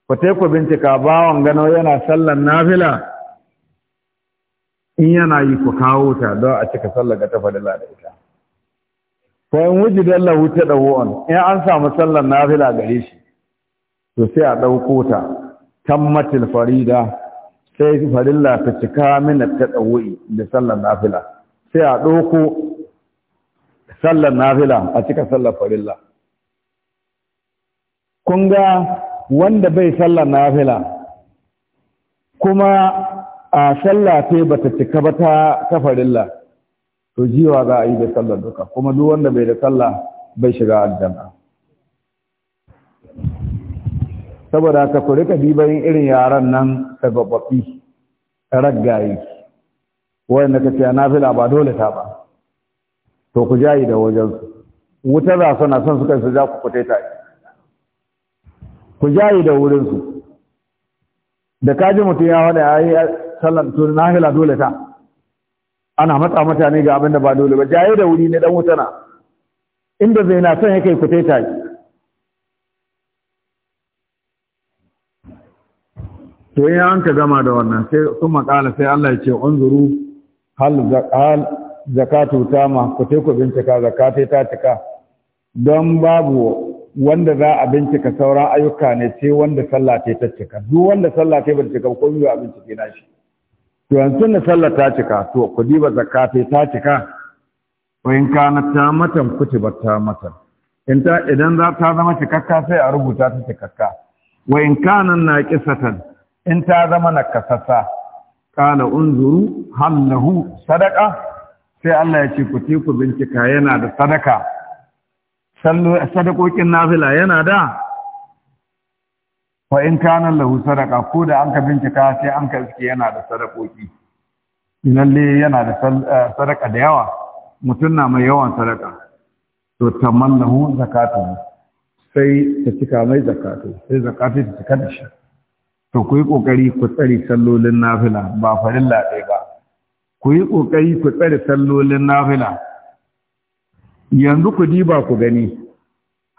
ku tai ku bincika bawon gano yana sallan nafila in yana yi ku kawo ta don a cika sallar ga tafa da ita ko in wuce lahu tadawwa'un in an samu sallar nafila gare shi to sai a ɗauko ta tammatil farida sai farilla ta cika ta tadawwi da sallar nafila sai a ɗauko. sallar nafila a cika sallar farilla kun ga wanda bai sallar nafila kuma a sallah ce bata cika ba ta ta farilla to jiwa za a yi da sallar duka kuma duk wanda bai da sallah bai shiga aljanna saboda ka kuri rika bibayin irin yaran nan sababbafi raggaye wanda ka ce nafila ba dole ta ba to ku jayi da wajensu wuta za na son suka su za ku fita ta ku jayi da wurinsu da kaji mutum ya wani a yi sallar to hila dole ta ana matsa mutane ga abin da ba dole ba jayi da wuri ne dan wuta na inda zai na son ya kai fita ta to in an ka gama da wannan sai kuma kala sai Allah ya ce unzuru hal zakatu ma ku ku bincika zakata ta cika don babu wanda za a bincika sauran ayyuka ne sai wanda sallah ta ta cika duk wanda sallah ta ba cika ko biyu a bincike na shi to yanzu da sallah ta cika to ku diba zakata ta cika wa in kana ta matan kutiba ta matan in ta idan za ta zama cikakka sai a rubuta ta cikakka wa in kana kisatan in ta zama nakasasa Kana unzuru hal sadaqa sai Allah ya ce ku ci ku bincika yana da sadaka sadakokin nafila yana da fa in kana lahu sadaka ko da an ka bincika sai an ka iske yana da sadakoki lalle yana da eh, sadaka da yawa mutum na mai yawan sadaka to tamman lahu zakatu sai ta cika mai zakatu sai zakatu ta cika da shi to ku yi kokari ku tsari sallolin nafila ba farilla ɗaya ba ku yi ƙoƙari ku tsare sallolin nafila yanzu ku diba ku gani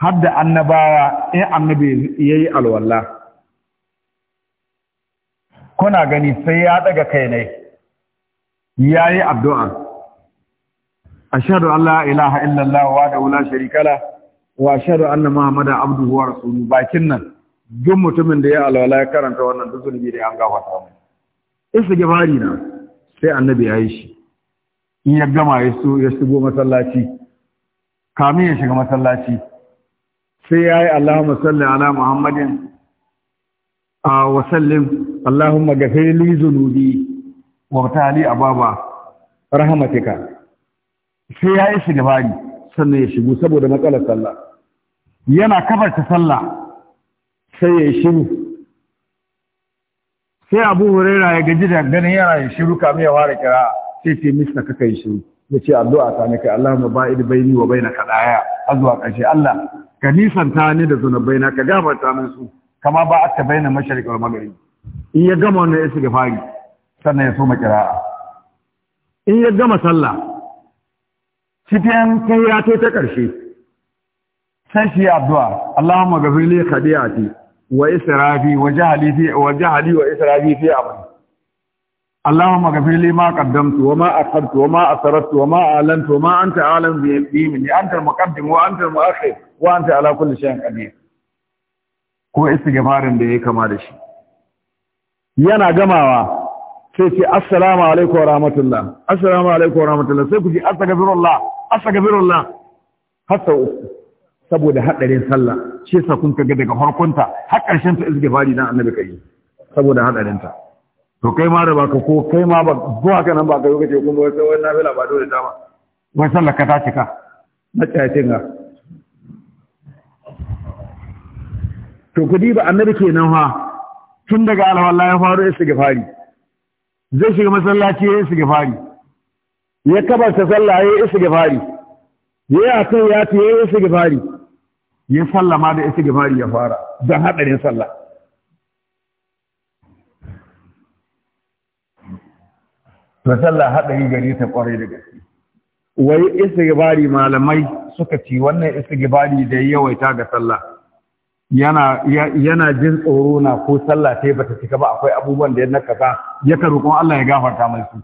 har da annabawa in annabi ya yi alwallah kuna gani sai ya daga kai ne ya yi addu'a shaɗu Allah ilaha illallah wa da wula sharikala wa shaɗu Allah Muhammadu abduhu wa rasulu bakin nan duk mutumin da ya alwala ya karanta wannan duk zunubi da ya an gafarta mai isa gibari na sai annabi ya yi shi in ya gama ya so ya shigo masallaci kamin ya shiga masallaci sai ya yi Allahumma salli ala Muhammadin a wa Allahumma gafir li zunubi wa tali ababa rahmatika sai ya yi shiga bari sannan ya shigo saboda matsalar sallah yana kafarta sallah sai ya shiru sai abu huraira ya gaji da ganin yana yin shiru kamar ya ware kira sai ce mista kaka yi shiru ya ce addu'a ta nake Allah ma ba'id baini wa baina kaɗaya. har zuwa ƙarshe Allah ka nisanta ni da zunubai na ka gama ta min su kama ba aka baina mashariq wal maghrib in ya gama wannan ya shiga fari sannan ya soma kira'a in ya gama sallah cikin kai ya ta ƙarshe sai shi addu'a Allahumma ghafir li khadi'ati wa وجهلي wa jahali fi في أمري اللهم اغفر لي ما قدمت وما أخرت وما اسررت وما أعلنت وما أنت أعلم به مني أنت المقدم وأنت المؤخر وأنت على كل شيء قدير ko istighfarin da yayi kama da shi yana gamawa sai ce assalamu alaikum wa rahmatullah assalamu alaikum wa rahmatullah sai ku ji astaghfirullah astaghfirullah hatta uku saboda hadarin sallah shi yasa kun kaga daga farkonta har ƙarshen ta istighfari dan annabi kai saboda haɗarin ta to kai ma da baka ko kai ma ba zuwa ka nan ba ka lokaci kuma wai sai wannan bila ba dole ta ba wai sallah ka ta cika na tsayacin ga to kudi ba annabi kenan ha tun daga alwala ya faru istighfari zai shiga masallaci ya istighfari ya kabarta sallah ya istighfari ya yi akai ya ta ya istighfari ya ma da gimari ya fara don haɗarin sallah Ta sallah haɗari gari ta ƙwarai da gaske wai gibari malamai suka ci wannan gibari da yawaita ga salla? yana jin tsoro na ko sallah yi bata cika ba akwai abubuwan da ya nakasa ya roƙon Allah ya gafarta mai su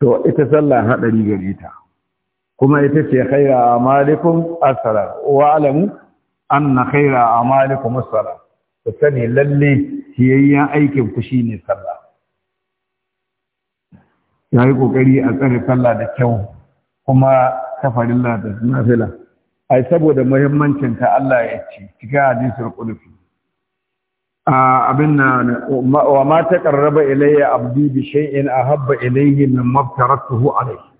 to ita sallah haɗari gare ta kuma ita ce khaira amalikum asara wa alamu anna khaira amalikum asara to sani lalle ciyayyen aikin ku shine sallah yayi yi kokari a tsare sallah da kyau kuma kafarin da nafila ai saboda muhimmancin ta Allah ya ce cikin hadisul qudsi abin na wa ma ta karraba ilayya abdi bi shay'in ahabba ilayhi min maftaratuhu alayhi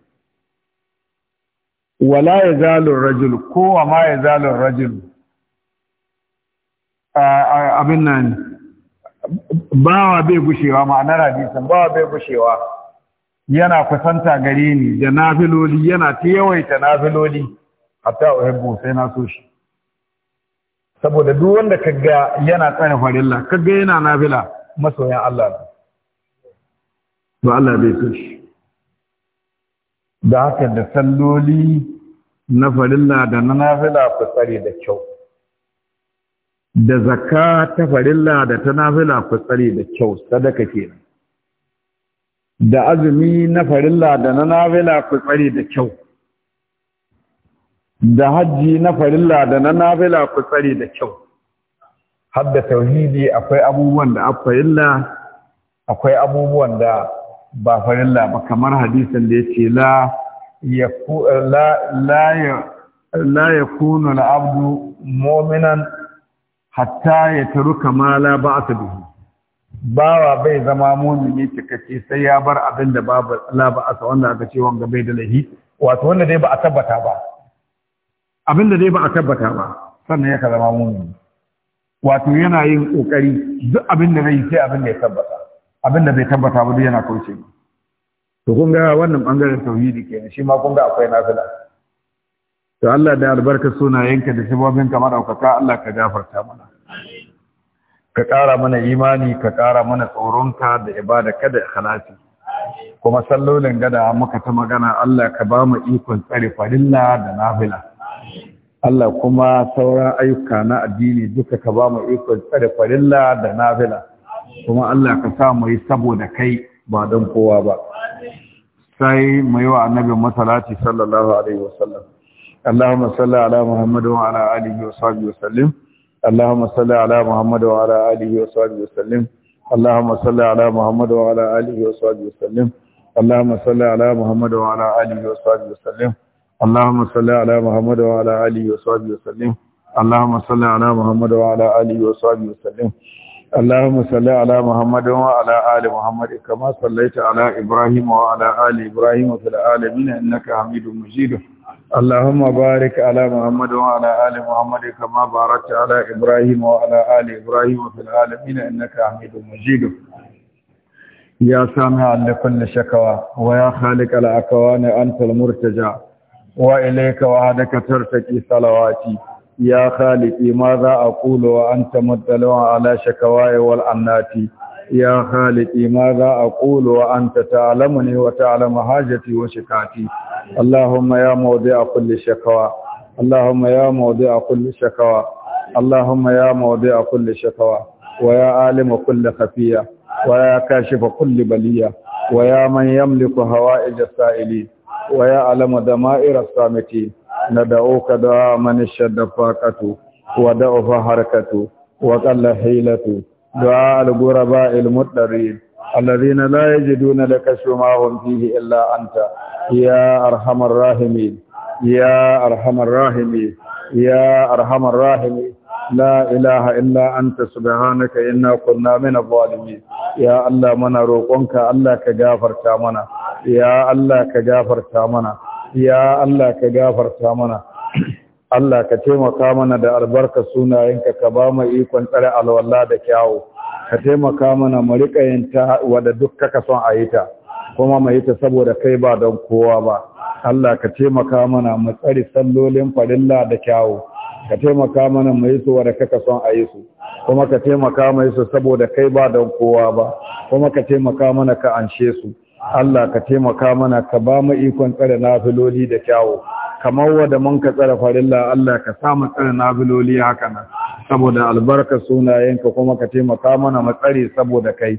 wala yazalu ar-rajul ko wa ma yazalu ar-rajul abin nan bawa bai gushewa ma'anar hadisin bawa bai gushewa yana kusanta gare ni da nafiloli yana ta yawaita nafiloli hatta uhibbu sai na so shi saboda duk wanda ka ga yana tsaye farilla ga yana nafila masoyan Allah ne to Allah bai so shi da haka da salloli na farilla da na nafila ku tsare da kyau da zakka ta farilla da ta nafila ku tsare da kyau sadaka kenan da azumi na farilla da na nafila ku tsare da kyau da hajji na farilla da na Nabila ku tsare da kyau Hadda tauhidi akwai abubuwan da illa akwai abubuwan da ba farilla ba kamar hadisin da yace la la ya la yakunu al-abdu mu'minan hatta ya taru ma la ba'sa bihi bawa bai zama mumini cikakke sai ya bar abin da babu la ba'sa wanda aka ce wanga bai da lahi wato wanda dai ba a tabbata ba abin da dai ba a tabbata ba sannan ya zama mumini wato yana yin kokari duk abin da zai sai abin da ya tabbata abin da bai tabbata ba duk yana kauce ba to kun ga wannan bangaren tauhidi ke shi ma kun ga akwai nazila to Allah da albarka sunayenka da shibobin kamar aukaka Allah ka gafarta mana ka kara mana imani ka kara mana tsoronka da ibada kada ikhlasi kuma sallolin gada muka ta magana Allah ka ba mu ikon tsare farilla da nafila Allah kuma sauran ayyuka na addini duka ka ba mu ikon tsare farilla da nafila kuma Allah ka sa mu yi saboda kai ba don kowa ba sai mu yi wa annabi masalati sallallahu alaihi wasallam اللهم صل على محمد ala اله وصحبه وسلم اللهم صل على محمد وعلى اله وصحبه وسلم اللهم صل على محمد وعلى اله وصحبه وسلم اللهم صل على محمد وعلى اله وصحبه وسلم اللهم صل على محمد وعلى اله وصحبه وسلم اللهم صل على محمد وعلى اله وصحبه وسلم اللهم صل على محمد وعلى ال محمد كما صليت على ابراهيم وعلى ال ابراهيم في العالمين انك حميد مجيد اللهم بارك على محمد وعلى ال محمد كما باركت على ابراهيم وعلى ال ابراهيم في العالمين انك حميد مجيد يا سامع لكل شكوى ويا خالق الاكوان انت المرتجى wa ilayka wa adaka tarfaqi salawati ya khaliqi ma za aqulu wa anta mudallu ala shakawai wal annati ya khaliqi ma za aqulu wa anta ta'lamuni wa ta'lamu hajati ya mawdi'a kulli shakawa allahumma ya mawdi'a kulli shakawa allahumma ya mawdi'a kulli shakawa ya alimu kulli khafiya wa ya kashifa kulli baliya wa ya man yamliku hawa'ij ili? Waya ya alama da ma'irar samiti na da'uka da mani shaddafa katu wa da'ufa harkatu wa ƙalla hailatu da algura ba ilmuɗari allari na laye ji duna da kashe mahon fiye illa anta ya ya arhamar rahimi لا إله إلا أنت سبحانك إنا كنا من الظالمين يا الله منا روقنك الله كغافر تامنا يا الله كغافر تامنا يا الله كغافر تامنا Allah ka taimaka mana da albarka sunayenka ka ba mu ikon tsare alwala da kyawu ka taimaka mana mu rika yin ta wanda duk kaka son a yi ta kuma mu yi ta saboda kai ba don kowa ba Allah ka taimaka mana mu tsari sallolin farilla da kyawu ka taimaka mana mu yi su wa da kaka son a yi su kuma ka taimaka mu yi su saboda kai ba don kowa ba kuma ka taimaka mana ka anshe su Allah ka taimaka mana ka ba mu ikon tsare nafiloli da kyawu kamar wanda mun ka tsare farilla Allah ka sa mu tsare nafiloli haka nan saboda albarka sunayenka kuma ka taimaka mana mu tsare saboda kai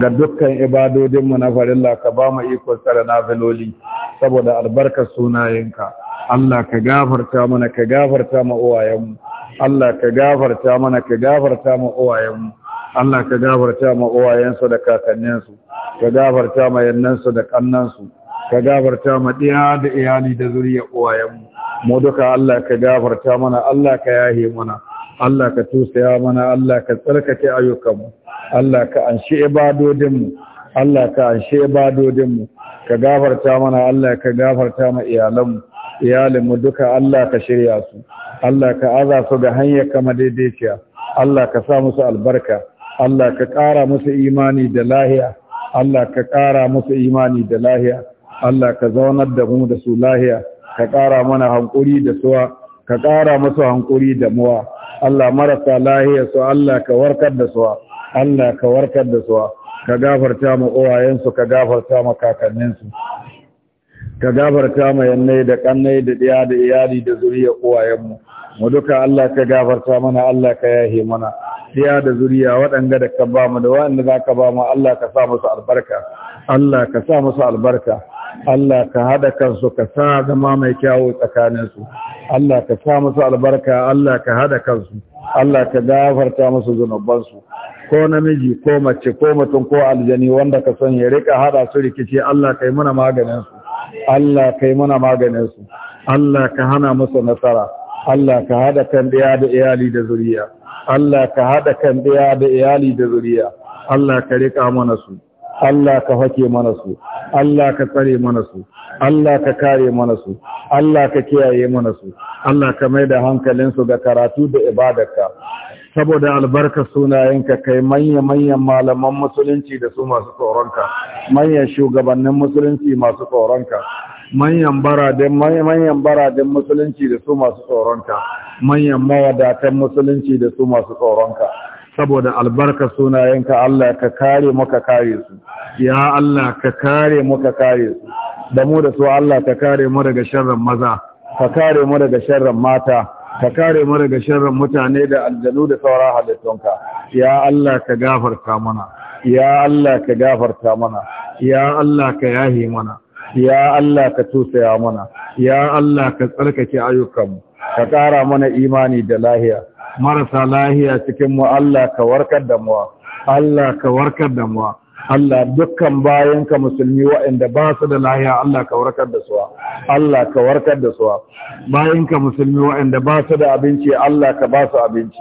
ga dukkan ibadodinmu na farilla ka ba mu ikon tsare nafiloli saboda albarka sunayenka Allah ka gafarta mana ka gafarta ma uwayenmu Allah ka gafarta mana ka gafarta ma uwayenmu Allah ka gafarta ma uwayensu da kakanninsu ka gafarta ma yannansu da kannansu ka gafarta ma diya da iyali da zuriyar uwayenmu mu duka Allah ka gafarta mana Allah ka yahe mana Allah ka tusaya mana Allah ka tsarkake ayyukanmu Allah ka anshi ibadodinmu Allah ka anshe ibadodinmu ka gafarta mana Allah ka gafarta ma iyalanmu iyalinmu duka Allah ka shirya su Allah ka aza su ga hanyar kama daidaiciya Allah ka sa musu albarka Allah ka ƙara musu imani da lahiya Allah ka kara musu imani da lahiya Allah ka zaunar da mu da su lahiya ka ƙara mana hankuri da suwa ka ƙara musu hankuri da muwa Allah marasa lahiya su Allah ka warkar da suwa Allah ka warkar da suwa ka gafarta mu uwayensu ka gafarta mu kakanninsu ka gafarta ma yannai da kannai da ɗiya da iyali da zuriya uwayenmu mu duka Allah ka gafarta mana Allah ka yahe mana diya da zuriya waɗanda da ka ba mu da waɗanda za ka ba mu Allah ka sa musu albarka Allah ka sa musu albarka Allah ka haɗa kansu ka sa zama mai kyawu tsakaninsu Allah ka sa musu albarka Allah ka haɗa kansu Allah ka gafarta musu zunubansu ko namiji ko mace ko mutum ko aljani wanda ka son ya rika haɗa su rikici Allah ka yi mana maganinsu Allah kai muna maganin su Allah ka hana musu nasara Allah ka haɗa kan ɗaya da iyali da zuriya Allah ka haɗa kan ɗaya da iyali da zuriya Allah ka rika mana su Allah ka hake mana su Allah ka tsare mana su Allah ka kare mana su Allah ka kiyaye mana su Allah ka mai da hankalinsu ga karatu da ibadarka saboda albarka sunayenka kai manya-manyan malaman musulunci da su masu tsoronka manyan shugabannin musulunci masu tsoronka manyan baradin musulunci da su masu tsoronka manyan mawadatan musulunci da su masu tsoronka saboda albarka sunayenka Allah ka kare ka kare su ya Allah ka kare ka kare su da mu da su Allah ka kare mu daga sharrin maza ka kare mu daga sharrin mata ka kare mana ga sharrin mutane da aljanu da sauran halittunka ya Allah ka gafarta mana ya Allah ka gafarta mana ya Allah ka yahi mana ya Allah ka tusaya mana ya Allah ka tsarkake ayyukanmu ka ƙara mana imani da lahiya marasa lahiya cikin mu Allah ka warkar da Allah ka warkar da Allah dukkan bayanka musulmi waɗanda ba su da lahiya Allah ka warkar da suwa Allah ka warkar da su bayanka musulmi waɗanda ba su da abinci Allah ka ba su abinci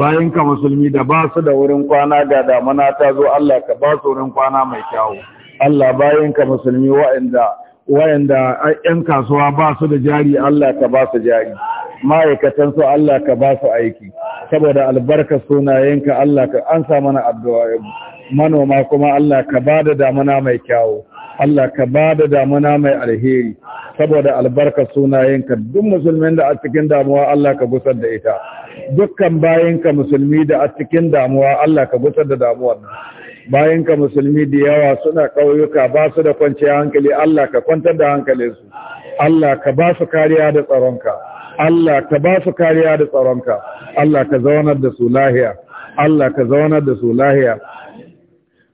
bayanka musulmi da ba su da wurin kwana ga damana ta zo Allah ka ba su wurin kwana mai kyau Allah bayanka musulmi waɗanda waɗanda ‘yan kasuwa ba su da jari Allah ka ba su jari, su Allah ka ba su aiki, saboda albarka sunayenka Allah ka an mana addu'a manoma kuma Allah ka ba da damuna mai kyawo Allah ka ba da damuna mai alheri saboda albarka sunayenka duk musulmin da a cikin damuwa Allah ka gusar da ita dukkan bayanka musulmi da a cikin damuwa Allah ka gusar da damuwar nan bayanka musulmi da yawa suna ƙauyuka ba su da kwanciyar hankali Allah ka kwantar da hankalin su. Allah ka ba su kariya da tsaronka Allah ka ba su kariya da tsaronka Allah ka zaunar da su lahiya Allah ka zaunar da su lahiya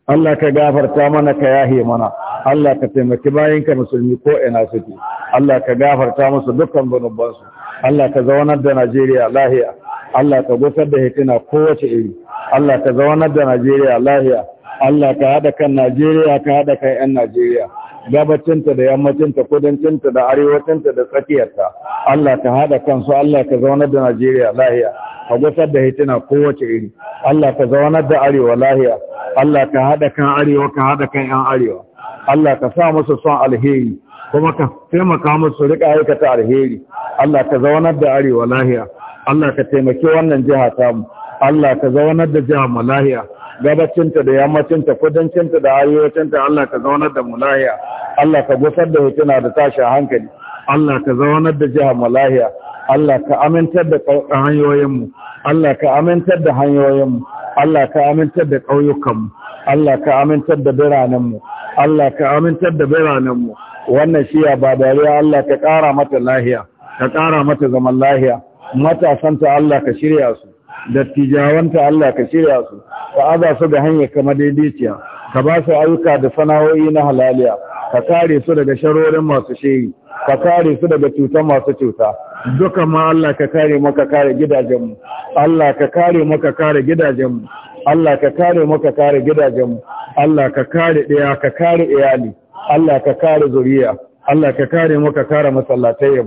Allah ka gafarta mana ka yahe mana Allah ka taimaki bayanka musulmi ko ina suke Allah ka gafarta musu dukkan zunubansu Allah ka zaunar da Najeriya lahiya Allah ka gusar da hitina kowace iri Allah ka zaunar da Najeriya lahiya Allah ka haɗa kan Najeriya ka haɗa kan 'yan Najeriya gabacinta da yammacinta kudancinta da arewacinta da tsakiyarta Allah ka hada kansu Allah ka zaunar da Najeriya lahiya ka gusar da hitina kowace iri Allah ka zaunar da arewa lahiya Allah ka haɗa kan arewa ka hada kan yan arewa Allah ka sa musu son alheri kuma ka taimaka musu rika aikata alheri Allah ka zaunar da arewa lahiya Allah ka taimaki wannan jiha tamu Allah ka zaunar da jiha mu lahiya gabacinta da yammacinta kudancinta da arewacinta Allah ka zaunar da mu lahiya Allah ka gusar da hotuna da tashi hankali Allah ka zaunar da jiha mu lahiya Allah ka amintar da hanyoyinmu Allah ka amintar da hanyoyinmu Allah ka amintar da ƙauyukanmu Allah ka amintar da biranenmu Allah ka amintar da biranenmu wannan shiya ba dariya Allah ka ƙara mata lahiya ka ƙara mata zaman lahiya matasanta Allah ka shirya su dattijawanta Allah ka shirya su ka aza su da hanyar kama daidaiciya ka ba su ayyuka da sana'o'i na halaliya ka kare su daga sharorin masu shehi ka kare su daga cutar masu cuta duka ma Allah ka kare maka kare gidajenmu Allah ka kare maka kare gidajenmu Allah ka kare maka kare gidajenmu Allah ka kare ɗaya ka kare iyali Allah ka kare zuriya Allah ka kare muka ka kare masallatai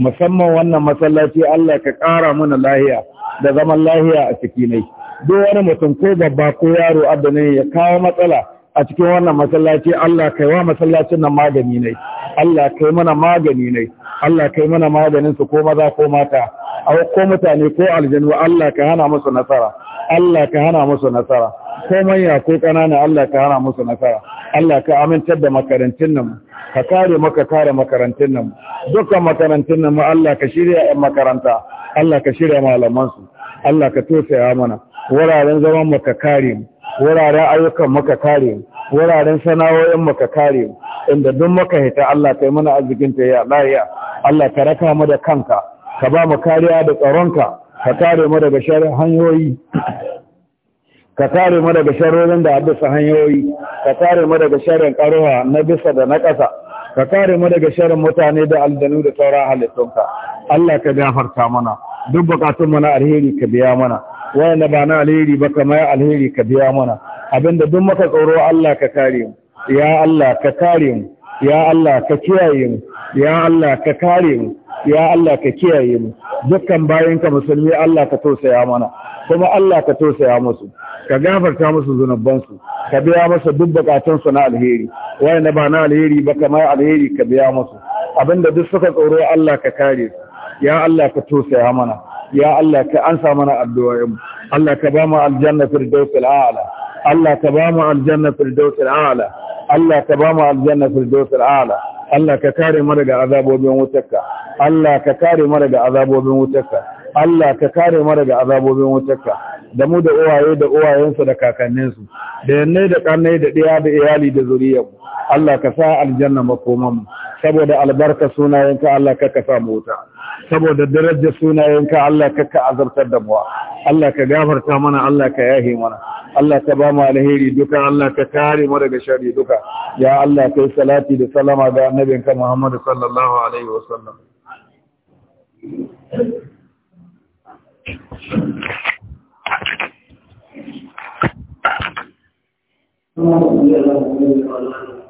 musamman wannan masallaci Allah ka kara mana lahiya da zaman lahiya a ciki ne duk wani mutum ko babba ko yaro adana ya kawo matsala a cikin wannan masallaci Allah kai wa masallacin nan magani ne Allah kai mana magani ne Allah kai mana maganin su ko maza ko mata ko mutane ko aljanu Allah ka hana musu nasara Allah ka hana musu nasara ko manya ko ƙanana Allah ka hana musu nasara Allah ka amintar da makarantun nan ka kare maka kare makarantun nan dukkan makarantun nan Allah ka shirya ƴan makaranta Allah ka shirya malaman su Allah ka tosaya mana wuraren zaman maka kare wuraren ayyukan maka kare mu wuraren sana'o'in maka kare inda duk maka hita Allah kai mana arzikin ta ya lahiya Allah ka raka mu da kanka ka ba mu kariya da tsaronka ka kare mu daga sharrin hanyoyi ka kare mu daga da bisa hanyoyi ka kare mu daga sharrin karuwa na bisa da na ƙasa ka kare mu daga sharin mutane da aldanu da sauran halittunka Allah ka gafarta mana duk bukatun mu na alheri ka biya mana wanda ba na alheri ba kama ya alheri ka biya mana abinda duk muka tsoro Allah ka kare mu ya Allah ka kare mu ya Allah ka kiyaye mu ya Allah ka kare mu ya Allah ka kiyaye mu dukkan bayanka musulmi Allah ka tausaya mana kuma Allah ka tausaya musu ka gafarta musu zunubansu ka biya musu duk bukatunsu na alheri wayanda ba na alheri ba kamar alheri ka biya musu abinda duk suka tsoro Allah ka kare su ya Allah ka tausaya mana ya Allah ka ansa mana addu'o'in Allah ka ba mu aljanna firdausul a'la Allah ka ba mu aljanna firdausul a'la Allah ka ba mu aljanna firdausul a'la Allah ka kare mu daga azabobin wutarka Allah ka kare mu daga azabobin wutarka Allah ka kare mu daga azabobin wutarka da mu da uwaye da uwayensu da kakanninsu da yanne da kanne da ɗaya da iyali da zuriyar Allah ka sa aljanna makoman mu saboda albarka sunayenka Allah ka kasa sa mu wuta saboda darajar sunayenka Allah ka ka azabtar da muwa Allah ka gafarta mana Allah ka yahe mana Allah ka ba mu alheri duka Allah ka kare mu daga sharri duka ya Allah kai salati da salama ga annabinka Muhammad sallallahu alaihi wasallam Thank